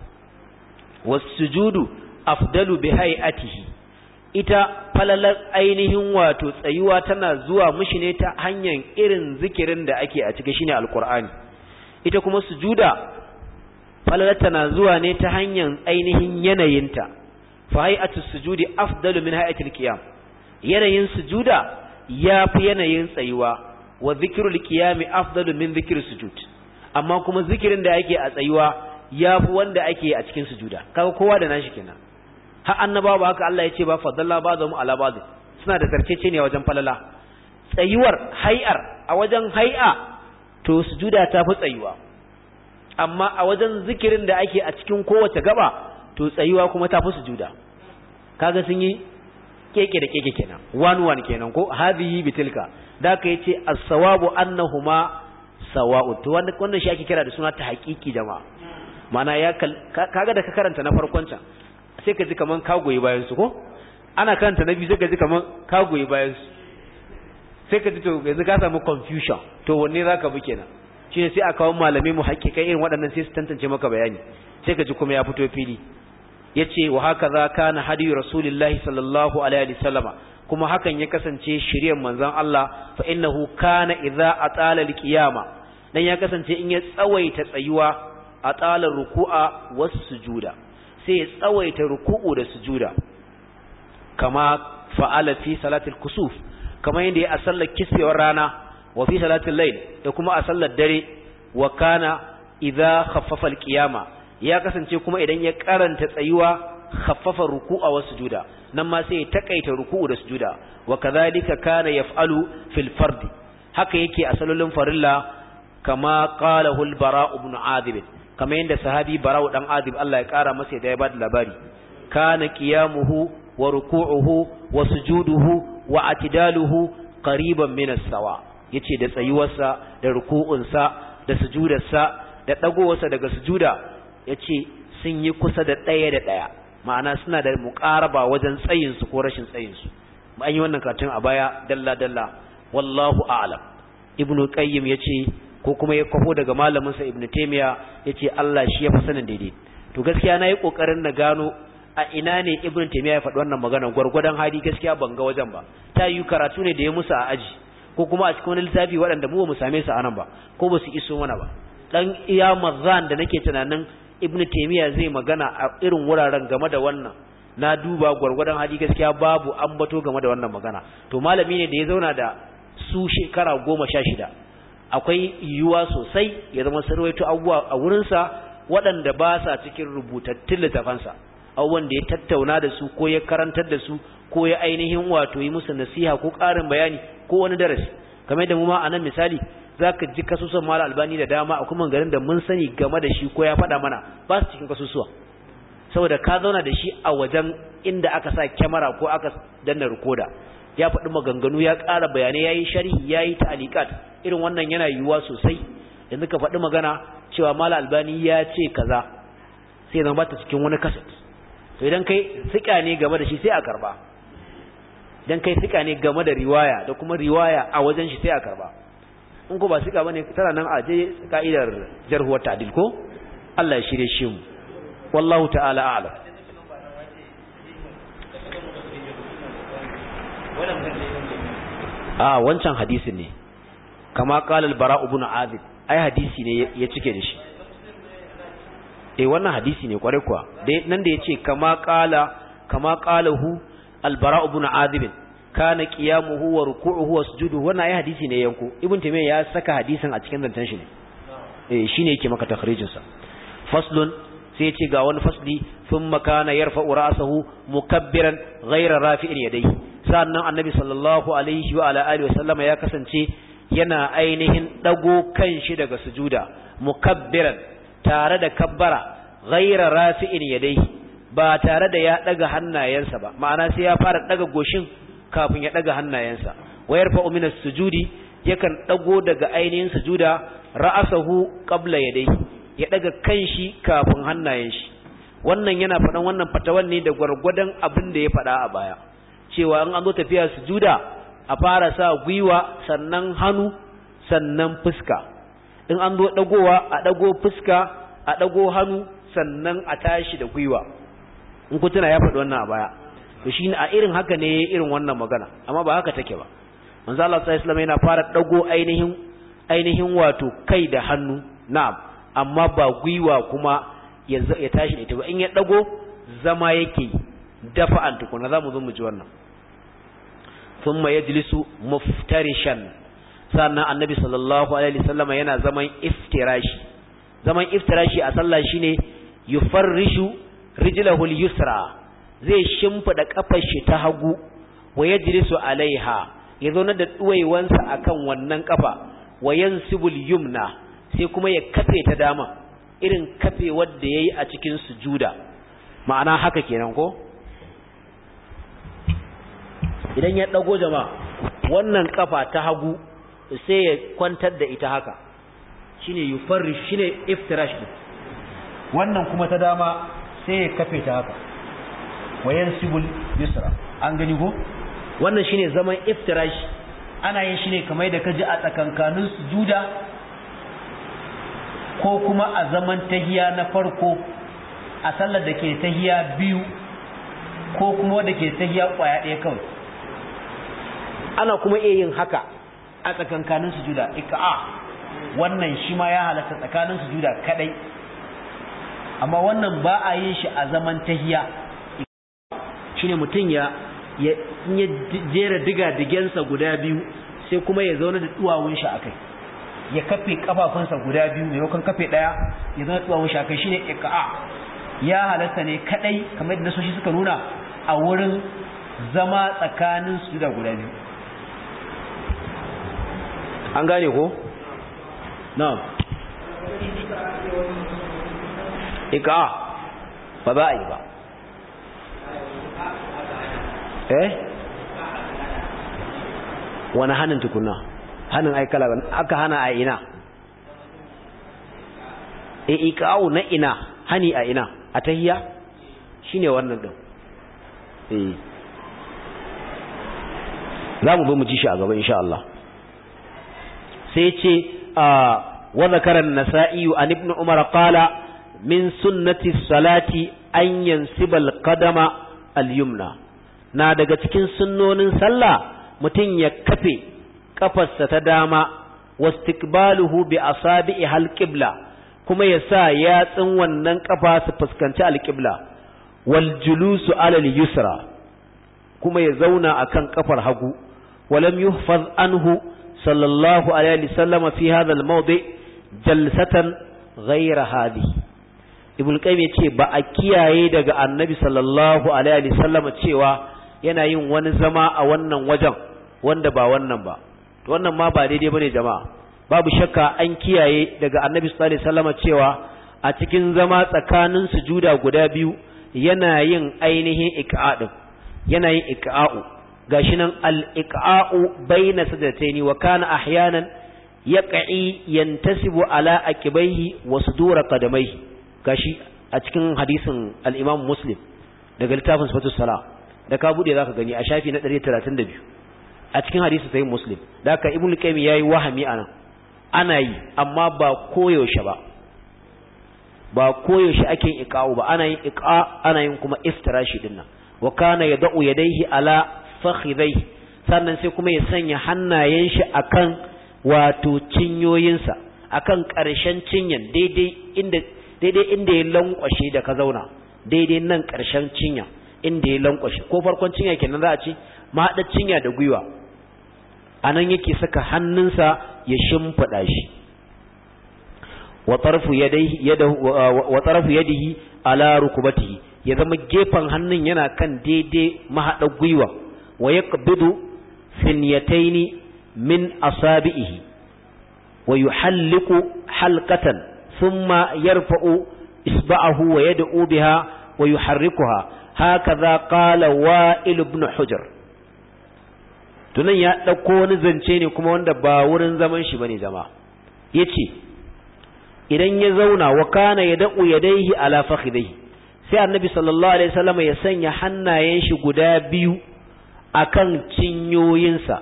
was sujudu afdalu bi hay'atihi ita falalar ainihin wato tsayuwa tana zuwa mushi ne ta hanyar irin zikirin da ake a cikin shine alqur'ani ita kuma sujuda falalar tana zuwa ne ta hanyar ainihin yanayinta fa hay'atu sujudi afdalu min kiyam qiyam yanayin sujuda yafi yanayin tsayuwa wa dhikrul qiyami afdalu min dhikri sujud amma kuma zikirin da yake a tsayuwa yafi wanda ake a cikin sujuda kaga kowa da nashi kenan har annabawa ba haka Allah ya ce ba fadalla ba'dhum ala ba'd suna da ne wajen falala tsayuwar hay'ar a wajen hay'a to sujuda ta fi tsayuwa amma a wajen zikirin da ake a cikin kowace gaba to tsayuwa kuma ta fi sujuda kaga sun yi keke da keke kenan wani one kenan ko hadhihi bitilka da ka yace as-sawabu annahuma sawa'u to wannan shi ake kira da suna ta haqiqi jama'a mana ya kaga da ka karanta na farkon can sai ka ji kaman ka goyi bayan su ko ana karanta na biyu sai ka ji kaman ka goyi bayan su sai ka ji to yanzu ka samu confusion to wanne zaka bi kenan shine sai a kawo malami mu haƙiƙa irin waɗannan sai su tantance maka bayani sai ka ji kuma ya fito fili yace wa ka na hadiyu rasulillahi sallallahu alaihi wasallama kuma hakan ya kasance shiryen manzon Allah fa innahu kana idza atala alqiyama dan ya kasance in ya tsawaita tsayuwa atala ruku'a was sujuda sai ya tsawaita ruku'u da sujuda kama fa'ala fi salatil kusuf kama yanda ya sallar kisfewar rana wa fi salatil layl da kuma a sallar dare wa kana idza khaffafa alqiyama ya kasance kuma idan ya karanta tsayuwa khaffafa ruku'a wa sujuda nan ma sai ya takaita ruku'u da sujuda wa kadhalika kana yaf'alu fil fard haka yake a salolin farilla kama qalahu al bara ibn adib kama yanda sahabi bara'u dan adib Allah ya kara masa da ya bada labari kana qiyamuhu wa ruku'uhu wa sujuduhu wa atidaluhu qariban min as-sawa yace da tsayuwarsa da ruku'unsa da sujudarsa da dagowarsa daga sujuda ya ce sun yi kusa da ɗaya da ɗaya ma'ana suna da muƙaraba wajen tsayinsu ko rashin tsayinsu su an yi wannan karatun a baya dalla dalla wallahu a'lam ibnu qayyim ce ko kuma ya kwafo daga malamin sa ibnu taymiya ce Allah shi ya fi sanin daidai to gaskiya na yi kokarin na gano a ina ne ibnu taymiya ya faɗi wannan magana gwargwadon hali gaskiya ban ga wajen ba ta yi karatu ne da ya musu a aji ko kuma a cikin wani littafi waɗanda mu ba mu same su a nan ba ko ba su iso mana ba dan iya mazan da nake tunanin ibn taymiya zai magana a irin wuraren game da wannan na duba gwargwadon hali gaskiya babu ambato game da wannan magana to malami ne da ya zauna da su shekara goma sha shida akwai yiwuwa sosai ya zama sarwaito abubuwa a wurinsa waɗanda ba sa cikin rubutattun littafansa abubuwan da ya tattauna da su ko ya karantar da su ko ya ainihin wato yi musu nasiha ko ƙarin bayani ko wani darasi kamar yadda mu ma a nan misali Za ka ji kasusuwan mara albani da dama a kuma garin da mun sani game da shi ko ya faɗa mana ba su cikin kasusuwa saboda ka zauna da shi a wajen inda aka sa kyamara ko aka danna rikoda ya faɗi maganganu ya kara bayanai ya yi sharhi ya yi ta'alikat irin wannan yana yiwuwa sosai yanzu ka faɗi magana cewa mala albani ya ce kaza sai zama ta cikin wani kaset to idan kai siƙa ne game da shi sai a karba idan kai siƙa ne game da riwaya da kuma riwaya a wajen shi sai a karba in ko ba sika bane tara nan a je ka'idar jarh wa ta'dil ko Allah ya shirye shi mu wallahu ta'ala a'lam a wancan hadisin ne kama qala al-bara ibn azib ai hadisi ne ya cike da shi eh wannan hadisi ne kware kuwa nan da yace kama qala kama qalahu al-bara ibn azib kana qiyamuhu wa ruku'uhu wa sujuduhu wannan ayi hadisi ne yanko ibn taymiya ya saka hadisin a cikin zantan shi ne eh shine yake maka takhrijin sa faslun sai ce ga wani fasli thumma kana yarfa'u ra'sahu mukabbiran ghayra rafi'in yadayhi sannan annabi sallallahu alaihi wa ala alihi wa sallama ya kasance yana ainihin dago kan shi daga sujuda mukabbiran tare da kabbara ghayra rafi'in yadayhi ba tare da ya daga hannayensa ba ma'ana sai ya fara daga goshin kafin ya daga hannayensa wa yarfa'u min as-sujudi yakan dago daga ainihin sujuda ra'asahu qabla yadayhi ya daga kanshi kafin hannayenshi wannan yana faɗan wannan fatawan ne da gwargwadon abin da ya faɗa a baya cewa in an zo tafiya sujuda a fara sa gwiwa sannan hannu sannan fuska in an zo dagowa a dago fuska a dago hannu sannan a tashi da gwiwa in ku ya faɗi wannan a baya to shi a irin haka ne irin wannan magana amma ba haka take ba manzo Allah sallallahu alaihi yana fara dago ainihin ainihin wato kai da hannu na'am amma ba gwiwa kuma ya ya tashi ita ba in ya dago zama yake dafa an na zamu zo mu ji wannan thumma yajlisu muftarishan sannan annabi sallallahu alaihi wasallama yana zaman iftirashi zaman iftirashi a sallah shine yufarrishu rijlahu al-yusra zai shimfida kafar shi ta hagu wa yajlisu alaiha ya zauna da a akan wannan kafa wa yansibul yumna sai kuma ya kafe ta dama irin kafe wanda yayi a cikin sujuda ma'ana haka kenan ko idan ya dago jama'a wannan kafa ta hagu sai ya kwantar da ita haka shine yufarrish shine iftirash wannan kuma ta dama sai ya kafe ta haka Wayan sibul yusra an gani ko wannan shine zaman iftirash ana yin shi ne kamar da kaji a tsakankanin juda ko kuma a zaman tahiya na farko a sallar da ke tahiya biyu ko kuma da ke tahiya kwaya ɗaya kawai ana kuma iya yin haka a tsakankanin sujuda ika'a wannan shi ma ya halatta tsakanin sujuda kadai amma wannan ba a yin shi a zaman tahiya shine mutum ya ya jera diga digensa guda biyu sai kuma ya zauna da duwawun shi akai ya kafe kafafunsa guda biyu maimakon kafe daya ya zauna duwawun shi akai shine iqa'a ya halatta ne kadai kamar yadda nasoshi suka nuna a wurin zama tsakanin su da guda biyu an gane ko na'am iqa'a ba za a yi ba eh wani hannun tukuna hannun aikala aka hana a ina e ikawo na ina hani a ina a tahiya shine wannan din eh za mu bi mu ji shi a gaba insha Allah sai ce wa zakara an-nasa'i an ibn umar qala min sunnati salati an yansibal kadama qadama al-yumna na daga cikin sunnonin sallah mutum ya kafe kafarsa ta dama wastikbaluhu bi asabi'i halqibla kuma ya sa yatsun wannan kafa su fuskanci alqibla wal julusu alal yusra kuma ya zauna akan kafar hagu walam yuhfaz anhu sallallahu alaihi wasallam fi hadha al mawdi jalsatan ghayra hadhihi ibn qayyim yace ba a kiyaye daga annabi sallallahu alaihi wasallam cewa yana yin wani zama a wannan wajen wanda ba wannan ba to wannan ma ba daidai bane jama'a babu shakka an kiyaye daga annabi sallallahu alaihi wasallam cewa a cikin zama tsakanin sujuda guda biyu yana yin ainihin iqa'u yana yin iqa'u gashi nan al-iqa'u baina sadataini wa kana ahyanan yaqi yantasibu ala akibaihi wa sudura qadamaihi gashi a cikin hadisin al-imam muslim daga littafin sifatus salah da ka bude zaka gani a shafi na 132 a cikin hadisi sai muslim da ka ibn qayyim yayi wahami anan ana yi amma ba koyaushe ba ba koyaushe ake iqa'u ba ana yin iqa ana yin kuma iftirashi din nan wa kana yad'u yadayhi ala fakhidai sannan sai kuma ya sanya hannayen shi akan wato cinyoyinsa akan karshen cinyan daidai inda daidai inda ya lankwashe da ka zauna daidai nan karshen cinya inda ya lankwashe ko farkon cinya kenan za a ce mahaɗa cinya da gwiwa a nan yake saka hannunsa ya shimfiɗa shi wa tsarafu yadihi ala rukubatihi ya zama gefen hannun yana kan daidai mahaɗa gwiwa wa ya finyataini min asabi'ihi wa halkatan halqatan thumma yarfa'u isba'ahu wa yad'u biha wa yuharrikuha هكذا qala وائل بن حجر tunan ya ɗauko wani zance ne kuma wanda ba wurin zaman shi bane ya ce idan ya zauna wa kana yad'u yadayhi ala fakhidai sai annabi sallallahu alaihi wasallam ya sanya hannayen shi guda biyu akan cinyoyinsa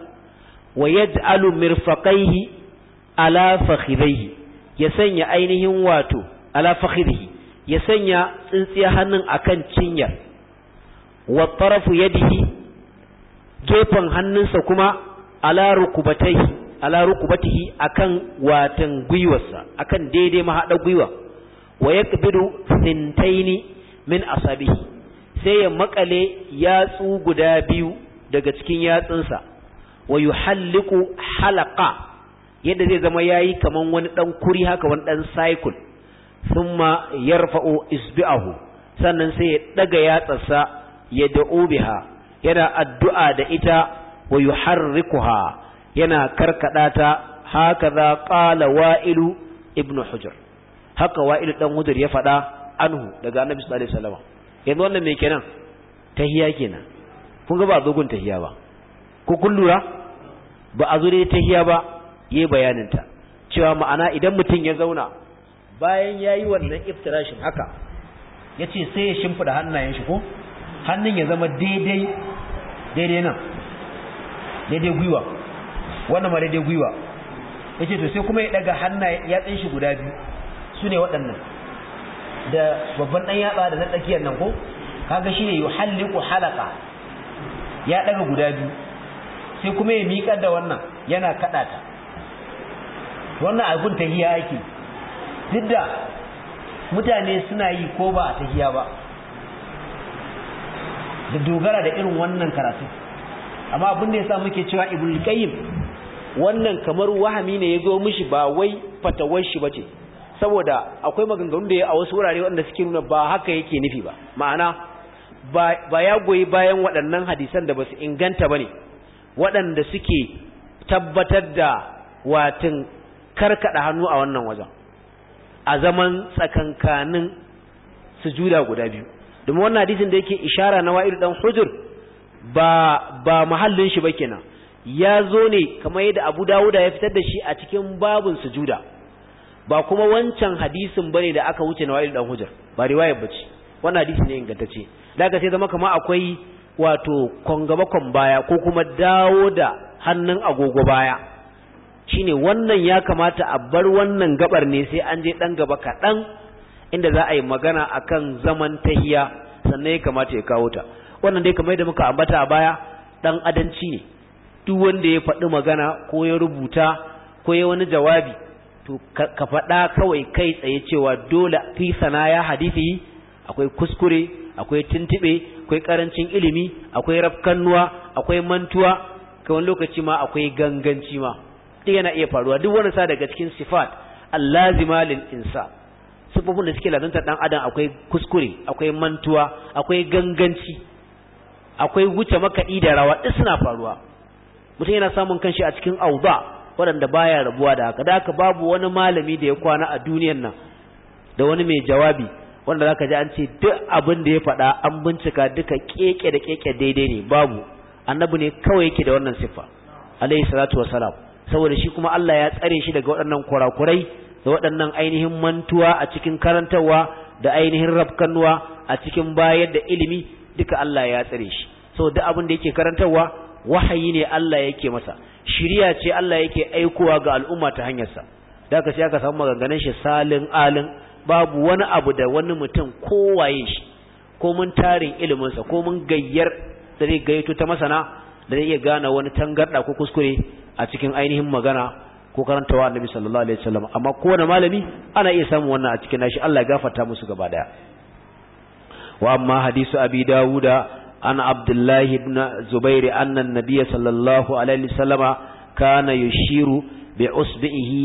wa yaj'alu mirfaqaihi ala fakhidai ya sanya ainihin wato ala fakhidai ya sanya tsintsiyar hannun akan cinyar wa tarafu yadihi gefen hannunsa kuma ala rukubatihi ala rukubatihi akan watan gwiwarsa akan daidai mahada gwiwa wa yakbidu sintaini min asabihi sai ya makale yatsu guda biyu daga cikin yatsunsa wa yuhalliqu halaqa yadda zai zama yayi kaman wani dan kuri haka wani dan cycle thumma yarfa'u isbi'ahu sannan sai ya daga yatsarsa yad'u biha yana addu'a da ita wa yuharrikuha yana karkada ta za qala wa'ilu ibnu hujr haka wa'ilu dan hujr ya faɗa anhu daga annabi sallallahu alaihi wasallam yanzu wannan me kenan tahiya kenan kun ga ba dogon tahiya ba ku kun ba a zo tahiya ba yayi bayanin ta cewa ma'ana idan mutum ya zauna bayan yayi wannan iftirashin haka yace sai ya shimfida hannayen shi ko hannun ya zama daidai daidai nan daidai gwiwa wannan ma daidai gwiwa ya ce to sai kuma ya daga hannun ya shi guda biyu su ne waɗannan da babban ɗan yatsa da na tsakiyar nan ko kaga shi ne yuhalliku halaka ya daga guda biyu sai kuma ya miƙar da wannan yana kaɗa ta wannan abin tahiya yake duk da mutane suna yi ko ba a tahiya ba da dogara da irin wannan karatu amma abin da yasa muke cewa ibnu qayyim wannan kamar wahami ne ya zo mishi ba wai fatawar shi bace saboda akwai maganganun da ya a wasu wurare waɗanda suke nuna ba haka yake nufi ba ma'ana ba ya goyi bayan waɗannan hadisan da basu inganta ba ne waɗanda suke tabbatar da watin karkaɗa hannu a wannan wajen a zaman tsakankanin sujuda guda biyu domin wannan hadisin da yake ishara na wa'ir dan hujur ba ba mahallin shi ba kenan ya zo ne kamar yadda Abu Dawuda ya fitar da shi a cikin babun sujuda ba kuma wancan hadisin bane da aka wuce na wa'ir dan hujur ba riwayar bace wannan hadisi ne ingantacce da aka sai zama kamar akwai wato kongaba kon baya ko kuma dawo da hannun agogo baya shine wannan ya kamata a bar wannan gabar ne sai an je dan gaba kaɗan inda za a yi magana a kan zaman tahiya sannan ya kamata ya kawo ta wannan dai kamar da muka ambata a baya dan adanci ne duk wanda ya faɗi magana ko ya rubuta ko ya wani jawabi to ka faɗa kawai kai tsaye cewa dole fi ya hadisi akwai kuskure akwai tuntube akwai karancin ilimi akwai rafkannuwa akwai mantuwa ka wani lokaci ma akwai ganganci ma duk yana iya faruwa duk wani sa daga cikin sifat allazima lil insa sufofin da suke ladanta dan adam akwai kuskure akwai mantuwa akwai ganganci akwai wuce makaɗi da rawa duk suna faruwa mutum yana samun kanshi a cikin auba waɗanda baya rabuwa da haka da haka babu wani malami da ya kwana a duniyan nan da wani mai jawabi wanda zaka ji an ce duk abin da ya faɗa an bincika duka keke da keke daidai ne babu annabi ne kawai yake da wannan siffa alayhi salatu wassalam saboda shi kuma Allah ya tsare shi daga waɗannan kurakurai da waɗannan ainihin mantuwa a cikin karantarwa da ainihin rafkanuwa a cikin bayar da ilimi duka Allah ya tsare shi so duk abin da yake karantarwa wahayi ne Allah yake masa shiriya ce Allah yake aikowa ga al'umma ta hanyarsa da aka sai aka samu maganganun shi salin alin babu wani abu da wani mutum kowaye shi ko mun tarin iliminsa ko mun gayyar da zai gayyato ta masana da zai iya gane wani tangarda ko kuskure a cikin ainihin magana ko karantawa annabi sallallahu alaihi wasallam amma kowane malami ana iya samun wannan a cikin nashi Allah ya gafarta musu gaba daya wa amma hadisu abi dawuda an abdullah ibn zubair anna sallallahu alaihi wasallam kana yushiru bi usbihi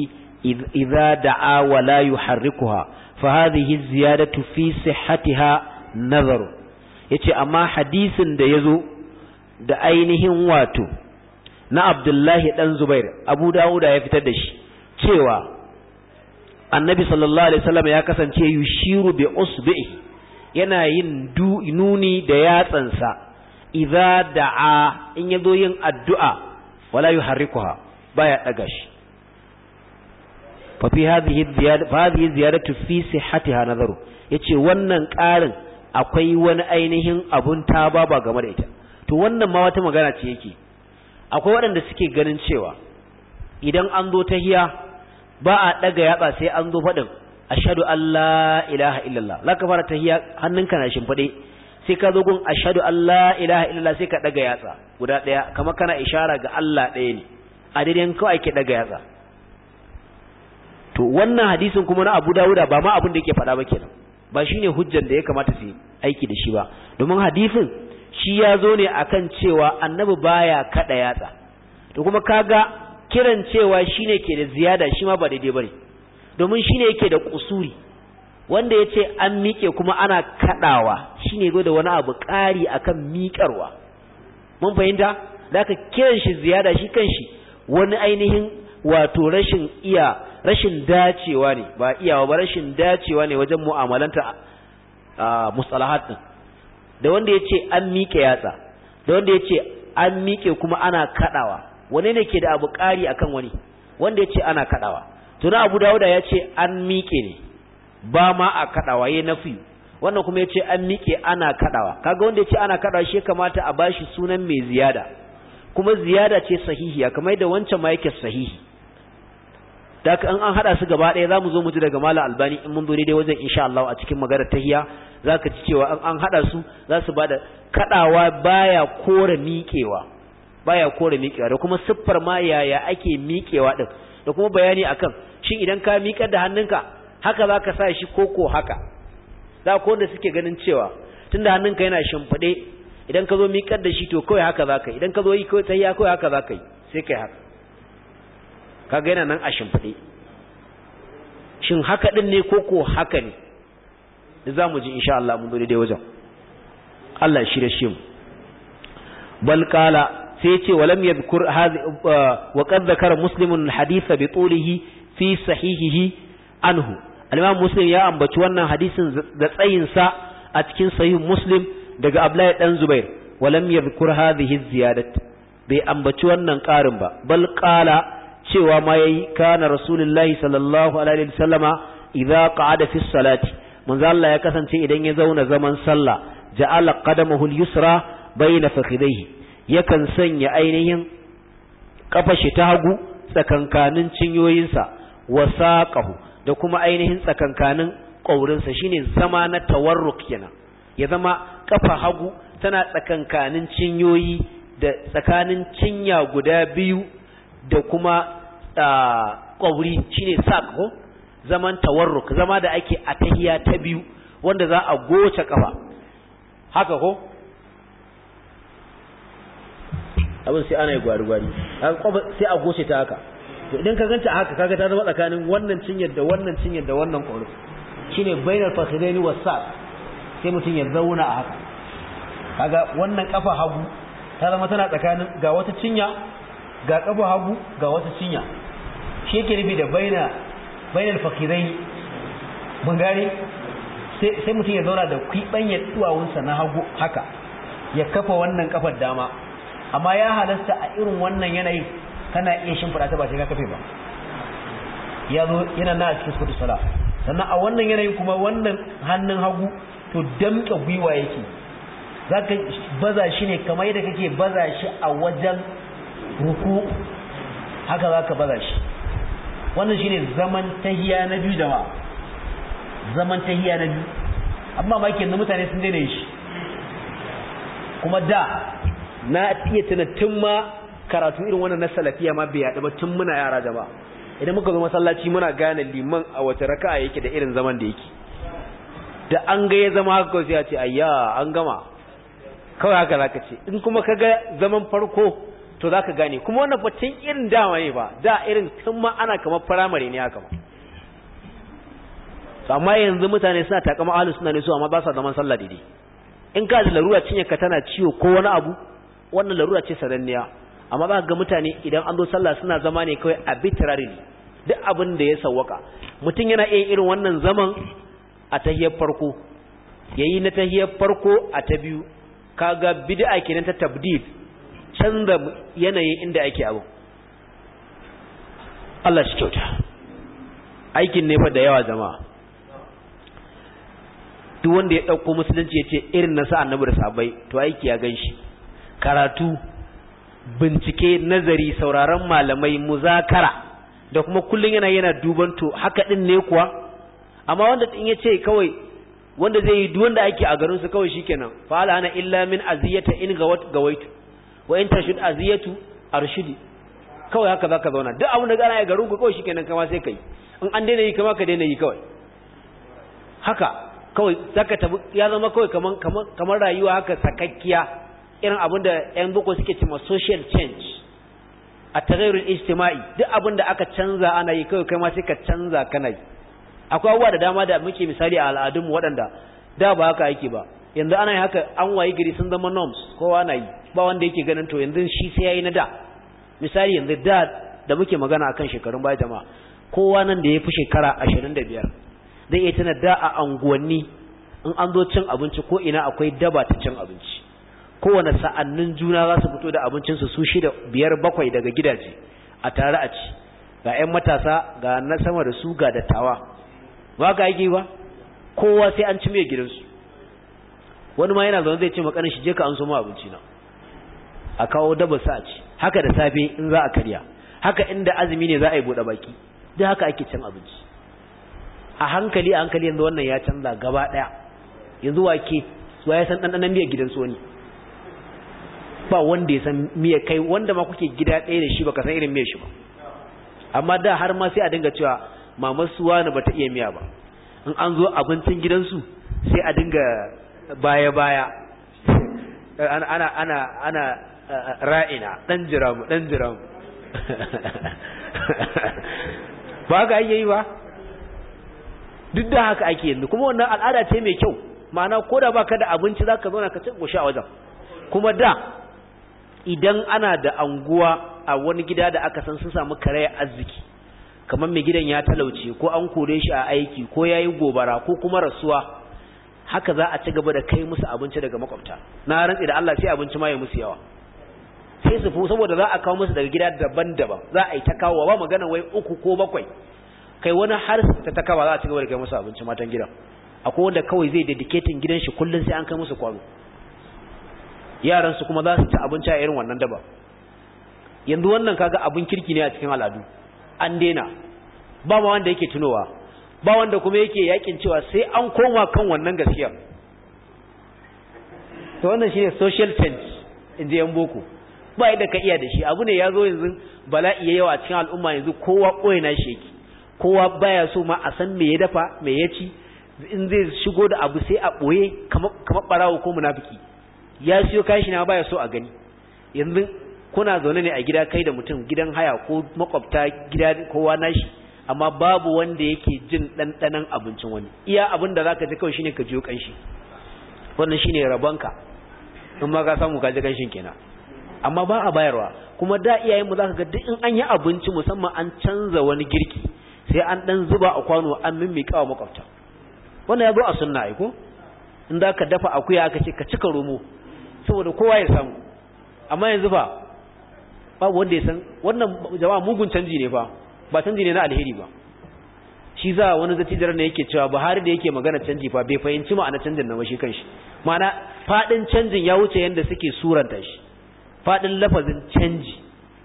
idza da'a wa la yuharrikuha fa hadhihi ziyadatu fi sihhatiha nazaru yace amma hadisin da yazo da ainihin wato na abdullahi dan zubair abu dawuda ya fitar da shi cewa annabi sallallahu alaihi wasallam ya kasance yushiru bi usbi'i yana yin nuni da yatsansa idza da'a in yazo yin addu'a wala yuharrikuha baya daga shi fa fi hadhihi ziyada fa hadhihi ziyadatu fi sihhatiha nazaru yace wannan ƙarin akwai wani ainihin abun ta baba game da ita to wannan ma wata magana ce yake akwai waɗanda suke ganin cewa idan an zo tahiya ba a ɗaga yatsa sai an zo faɗin ashadu Allah ilaha illallah za ka fara tahiya hannunka na shimfiɗe sai ka zo gun ashadu Allah ilaha illallah sai ka ɗaga yatsa guda ɗaya kamar kana ishara ga Allah ɗaya ne a daidai kawai ake ɗaga yatsa to wannan hadisin kuma na Abu Dawuda ba ma abin da yake faɗa ba kenan ba shine hujjar da ya kamata su aiki da shi ba domin hadisin shi ya zo ne akan cewa annabi baya kaɗa yatsa to kuma kaga kiran cewa shine ke da ziyada shi ma ba daidai bane domin shine yake da kusuri wanda yace an miƙe kuma ana kadawa shine go da wani abu ƙari akan miƙarwa mun fahimta zaka kiran shi ziyada shi kanshi wani ainihin wato rashin iya rashin dacewa ne ba iyawa ba rashin dacewa ne wajen mu'amalanta a ah, mustalahat din da wanda ya ce an miƙe yatsa da wanda ya ce an miƙe kuma ana kaɗawa wane ne ke da abu ƙari akan wani wanda ya ce ana kaɗawa tuna abu dawuda ya ce an miƙe ne ba ma a kaɗawa ya nafi wannan kuma ya ce an miƙe ana kaɗawa kaga wanda ya ce ana kaɗawa shi kamata a bashi sunan mai ziyada kuma ziyada ce sahihiya kamar da wancan ma yake sahihi da haka an hada su gaba ɗaya zamu zo mu ji daga malam albani in mun zo dai wajen insha Allah a cikin magana hiya zaka ji cewa an hada su za su bada kadawa baya kore miƙewa baya kore miƙewa da kuma siffar ma yaya ake miƙewa din da kuma bayani akan shin idan ka miƙar da hannunka haka zaka sa shi koko haka za ko da suke ganin cewa tunda hannunka yana shimfide idan ka zo miƙar da shi to kawai haka zaka idan ka zo yi kawai tahiya kawai haka zaka yi sai kai haka kaga yana nan a shimfiɗe shin haka ɗin ne ko ko haka ne za mu ji insha Allah mun dai wajen Allah shi da shi mu bal qala sai ce walam yadhkur hadhi uh, wa qad dhakara muslimun haditha bi tulihi fi sahihihi anhu al-imam muslim ya ambaci wannan hadisin da tsayin sa a cikin sahih muslim daga abdullahi dan zubair walam yadhkur hadhihi ziyadatu bai ambaci wannan karin ba bal qala cewa ma yayi kana rasulullahi sallallahu alaihi wasallama idza qa'ada fi salati manzo Allah ya kasance idan ya zauna zaman sallah ja'ala qadamahu al-yusra bayna fakhidayhi yakan sanya ainihin kafashi ta hagu tsakankanin cinyoyinsa wa saqahu da kuma ainihin tsakankanin ƙaurinsa shine zama na tawarruk kenan ya zama kafa hagu tana tsakankanin cinyoyi da tsakanin cinya guda biyu da kuma ƙwauri shine sak ko zaman tawarruk zama da ake a tahiya ta biyu wanda za a goce kafa haka ko abin sai ana yi gwari-gwari sai a goce ta haka to idan ka ganta haka kaga ta zama tsakanin wannan cinyar da wannan cinyar da wannan ƙwauri shine bainar wa sa sai mutum ya zauna a haka kaga wannan kafa hagu ta zama tana tsakanin ga wata cinya ga kafa hagu ga wata cinya shi yake nufi da baina bainal fakirai mun gane sai mutum ya zauna da kwibanyar duwawunsa na hagu haka ya kafa wannan kafar dama amma ya halasta a irin wannan yanayi kana iya shimfiɗa ta ba sai ka kafe ba ya zo yana na cikin sukutu sala sannan a wannan yanayi kuma wannan hannun hagu to damƙa gwiwa yake za ka baza shi ne kamar yadda kake baza shi a wajen ruku haka za ka baza shi wannan shine zaman tahiya na biyu da zaman tahiya na biyu amma ba kenan mutane sun daina shi kuma da na iya tun ma karatu irin wannan na salafiya ma bai yaɗa ba tun muna yara da ba idan muka zo masallaci muna gane liman a wace raka'a yake da irin zaman da yake da an ga ya zama haka sai a ce ayya an gama kawai haka zaka ce in kuma ka ga zaman farko to za ka gane kuma wannan ba tun irin dama ne ba da irin tun ma ana kamar firamare ne haka ba To amma yanzu mutane suna takama ahlus sunna ne su amma ba sa zaman sallah dide in ka ji larura cinye ka tana ciwo ko wani abu wannan larura ce sananniya amma za ga mutane idan an zo sallah suna zama ne kawai a arbitrarily duk abin da ya sawwaka mutum yana iya irin wannan zaman a tahiyar farko yayi na tahiyar farko a ta biyu kaga bid'a kenan ta tabdid canza yanayi inda ake abu Allah shi kyauta aikin ne fa da yawa jama'a duk wanda ya dauko musulunci ya ce irin na sa'an da sabai to aiki ya gan karatu bincike nazari sauraron malamai muzakara da kuma kullum yana yana duban to haka ɗin ne kuwa amma wanda in ya ce kawai wanda zai yi duk wanda ake a garinsu kawai shi fa fa'ala ana illa min aziyata in gawaitu wa in tashud aziyatu arshidi kawai haka zaka zauna duk abin da gana ya garu ku kawai kenan kama sai kai in an daina yi kama ka daina yi kawai haka kawai zaka tabu ya zama kawai kaman kamar rayuwa haka sakakkiya irin abin da yan boko suke cewa social change a tagayyurul ijtima'i duk abin da aka canza ana yi kawai kai ma sai ka canza kana yi akwai abubuwa da dama da muke misali a al'adunmu waɗanda da ba haka yake ba yanzu ana yi haka an wayi gari sun zama norms kowa na yi ba wanda yake ganin to yanzu shi sai yayi na da misali yanzu da da muke magana akan shekarun baya jama'a kowa nan da ya fi shekara ashirin biyar zai iya tana da a anguwanni in an zo cin abinci ko ina akwai daba ta cin abinci kowane sa'annin juna za su fito da abincinsu su shida biyar bakwai daga gidaje a tare a ci ga 'yan matasa ga na sama da su ga dattawa ba ga yi ba kowa sai an ci mai gidansu wani ma yana zaune zai ce makarin shi je ka an so mu abinci na a kawo daba sa ci haka da safe in za a karya haka inda azumi ne za a yi bude baki duk haka ake cin abinci a hankali a hankali yanzu wannan ya canza gaba daya yanzu wake wa ya san dandanan miyar gidan soni ba wanda ya san miyar kai wanda ma kuke gida ɗaya da shi ba ka san irin miyar shi ba amma da har ma sai a dinga cewa mamar suwa na bata iya miya ba in an zo abincin gidansu sai a dinga baya-baya ana ana ana eh, ra'ina dan jiramu dan jiramu (laughs) ba ga yi ba duk da haka ake yanzu kuma wannan al'ada ce mai kyau ma'ana ko da baka da abinci zaka na ka ci goshi a wajen kuma da idan ana da anguwa a wani gida da aka san sun samu karaya arziki kamar mai gidan ya talauce ko an kore shi a aiki ko yayi gobara ko kuma rasuwa haka za a ci gaba da kai musu abinci daga makwabta na rantsi da Allah sai abinci ma ya musu yawa sai su fu saboda za a kawo musu daga gida daban-daban za a yi ta kawo ba magana wai uku ko bakwai kai wani har ta ta kawo za a ci gaba da kai musu abinci matan gidan akwai wanda kawai zai dedicating gidan shi kullun sai an kai musu kwano yaran su kuma za su ci abinci a irin wannan daba yanzu wannan kaga abin kirki ne a cikin al'adu an daina ba ma wanda yake tunowa ba wanda kuma yake yakin cewa sai an koma kan wannan gaskiya to wannan shine social change da yan boko ba yadda ka iya da shi abu ne ya zo yanzu bala'i ya yawa a cikin al'umma yanzu kowa na shi yake kowa baya so ma a san me ya dafa me ya ci in zai shigo da abu sai a boye kamar barawo ko munafiki ya siyo kashi na baya so a gani yanzu kuna zaune ne a gida kai da mutum gidan haya ko makwabta gida kowa nashi amma babu wanda yake jin ɗanɗanan abincin wani iya abin da zaka ji kawai shine ka jiyo kanshi wannan shine rabonka in ma ka samu ka ji kanshin kenan amma ba a bayarwa kuma da iyayen mu zaka ga duk in an yi abinci musamman an canza wani girki sai an dan zuba a kwano an mimmika wa makwabta wannan ya zo a sunna ai ko in ka dafa akuya aka ce ka cika romo saboda kowa ya samu amma yanzu fa babu wanda ya san wannan jama'a mugun canji ne fa ba canji ne na alheri ba shi za wani zatijar ne yake cewa buhari da yake magana canji fa bai fahimci ma'ana canjin na shi kanshi ma'ana fadin canjin ya wuce yadda suke suranta shi fadin lafazin canji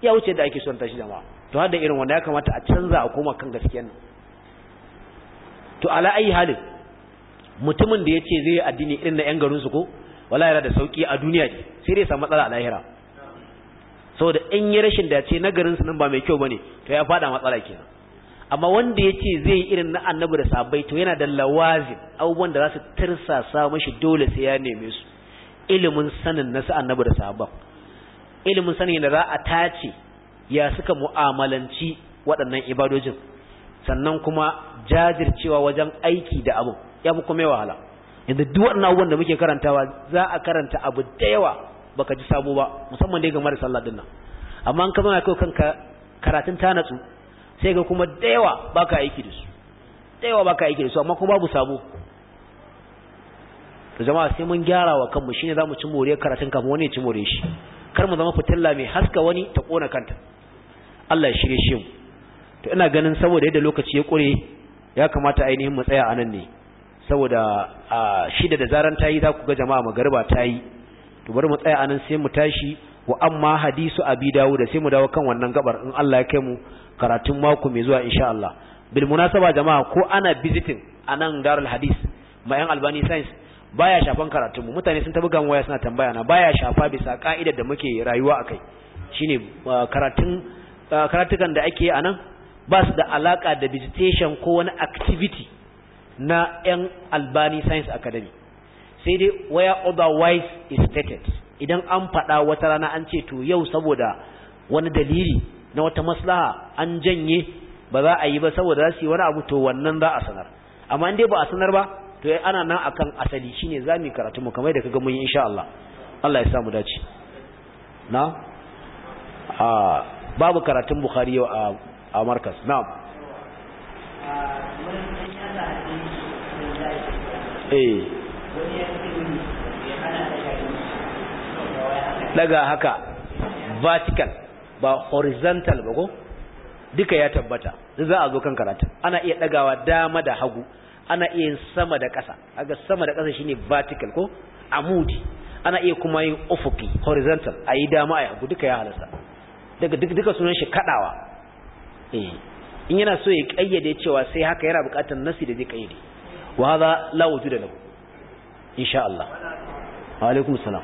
ya wuce yadda ake suranta shi jama'a to har da irin wanda ya kamata a canza a koma kan gaskiya nan to ala ayi halin mutumin da ya ce zai yi addini irin na yan garinsu ko wallahi yana da sauki a duniya ne sai dai samu matsala a lahira saboda in yi rashin dace na garin nan ba mai kyau bane to ya fada matsala kenan amma wanda ya ce zai yi irin na annabi da sabai to yana da lawazin abubuwan da za su tirsasa mashi dole sai ya neme su ilimin sanin na su annabi da sabai ilimin sanin da za a tace ya suka mu'amalanci waɗannan ibadojin sannan kuma jajircewa wajen aiki da abu ya fi kuma wahala yanzu duk waɗannan abubuwan da muke karantawa za a karanta abu da yawa baka ji sabo ba musamman dai ga mara sallah din nan amma an kama kai kanka karatun ta natsu sai ga kuma da yawa baka aiki da su da yawa baka aiki da su amma kuma babu sabo to jama'a sai mun gyara wa kanmu shine zamu ci more karatun kafin wani ya ci more shi kar mu zama fitilla mai haska wani ta kona kanta Allah ya shirye shi to ina ganin saboda yadda lokaci ya kure ya kamata ainihin mu tsaya anan ne saboda shida da zaran tayi za ku ga jama'a magariba yi. to bari mu tsaya anan sai mu tashi wa amma hadisu abi da sai mu dawo kan wannan gabar in Allah ya kai mu karatun mako mai zuwa insha Allah bil munasaba jama'a ko ana visiting anan darul hadis ma yan albani science baya shafan karatun mu mutane sun tabi gan waya suna tambaya na baya shafa bisa ka'ida da muke rayuwa akai shine uh, karatun uh, karatukan da ake anan ba su da alaka da visitation ko wani activity na yan albani science academy sai dai where otherwise is stated idan an faɗa wata rana an ce to yau saboda wani dalili na wata maslaha an janye ba za a yi ba saboda za su yi wani abu to wannan za a sanar amma in dai ba a sanar ba to ana nan akan asali shine za mu karatu mu kamar da kaga mun yi insha Allah Allah ya samu dace na a babu karatun Bukhari yau a a markas na eh daga haka vertical ba horizontal ba ko duka ya tabbata duk za a zo kan karatu ana iya dagawa dama da hagu ana iya yin sama da ƙasa aga sama da ƙasa shine vertical ko amudi ana iya kuma yin ufuki horizontal ayi dama ayi hagu duka ya halasta daga duk duka sunan shi kadawa eh in yana so ya kayyade cewa sai haka yana buƙatar nasi da zai kayyade wa hada la wujuda lahu insha Allah wa alaikum salam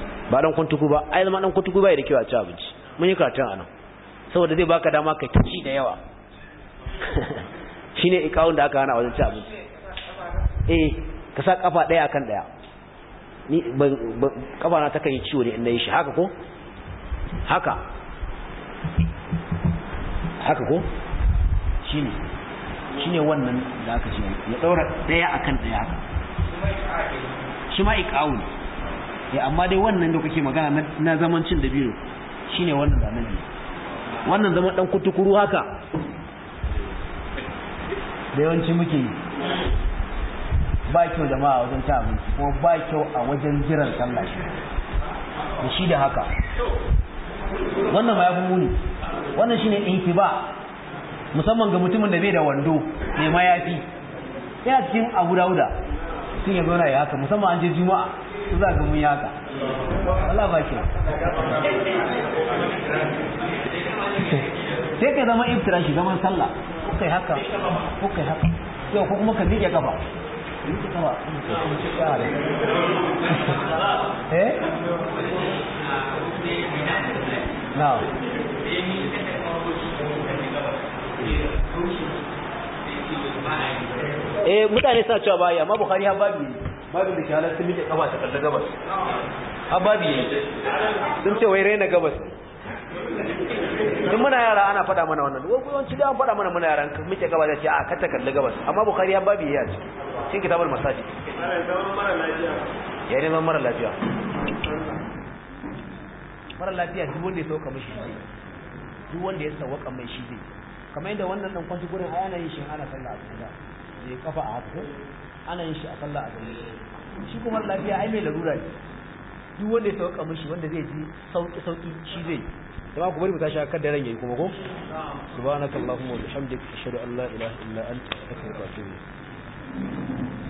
ba dan kuntuku ba ai zama dan kuntuku bai da kyau a ci abinci mun yi karatun anan saboda zai baka dama ka kici da yawa (laughs) shine ikawun da aka hana wajen ci abinci eh ka sa kafa daya akan daya ni kafa na takan yi ciwo ne inda yi shi haka ko haka haka ko shine shine wannan da aka ce ya daura daya akan daya haka shi ma ikawun ya eh, amma dai wannan da kuke magana na zaman cin dabino shine wannan da nan wannan zaman dan kutukuru haka da yawanci muke ba kyau jama'a a wajen ta abinci kuma ba kyau a wajen jiran sallah shi da shi da haka wannan ma ya fi muni wannan shine ba. musamman ga mutumin da bai da wando mai mayafi yana cikin abu dauda sun ya zauna ya haka musamman an je juma'a za ga mun yaka Allah ba ke sai ka zama iftira shi zaman sallah kuka yi haka kuka yi haka yau ko kuma ka miƙe gaba miƙe kafa eh na'am eh mutane sa cewa baya amma bukhari ya babu babin da ke sun miƙe ƙafa ta kalli gabas a babi yi sun ce wai raina gabas in muna yara ana faɗa mana wannan yawanci da an faɗa mana muna yara miƙe gaba ta ce a kata kalli gabas amma bukari ya babi ya ce cikin kitabar masaji. ya ne mara lafiya mara lafiya duk wanda ya sauka mai shi zai duk wanda ya sauka mai shi zai kamar yadda wannan dan kwanci gurin ayana yin shi ana sallah a tsada da ya kafa a haka ana yin shi a sallah a gare shi shi kuma lafiya ai mai larura ne duk wanda ya sauka mishi wanda zai ji sauki sauki shi zai jama'a ku bari mu tashi kan daren yayi kuma ko subhanakallahumma wa bihamdika ashhadu an la ilaha illa anta astaghfiruka wa atubu ilayk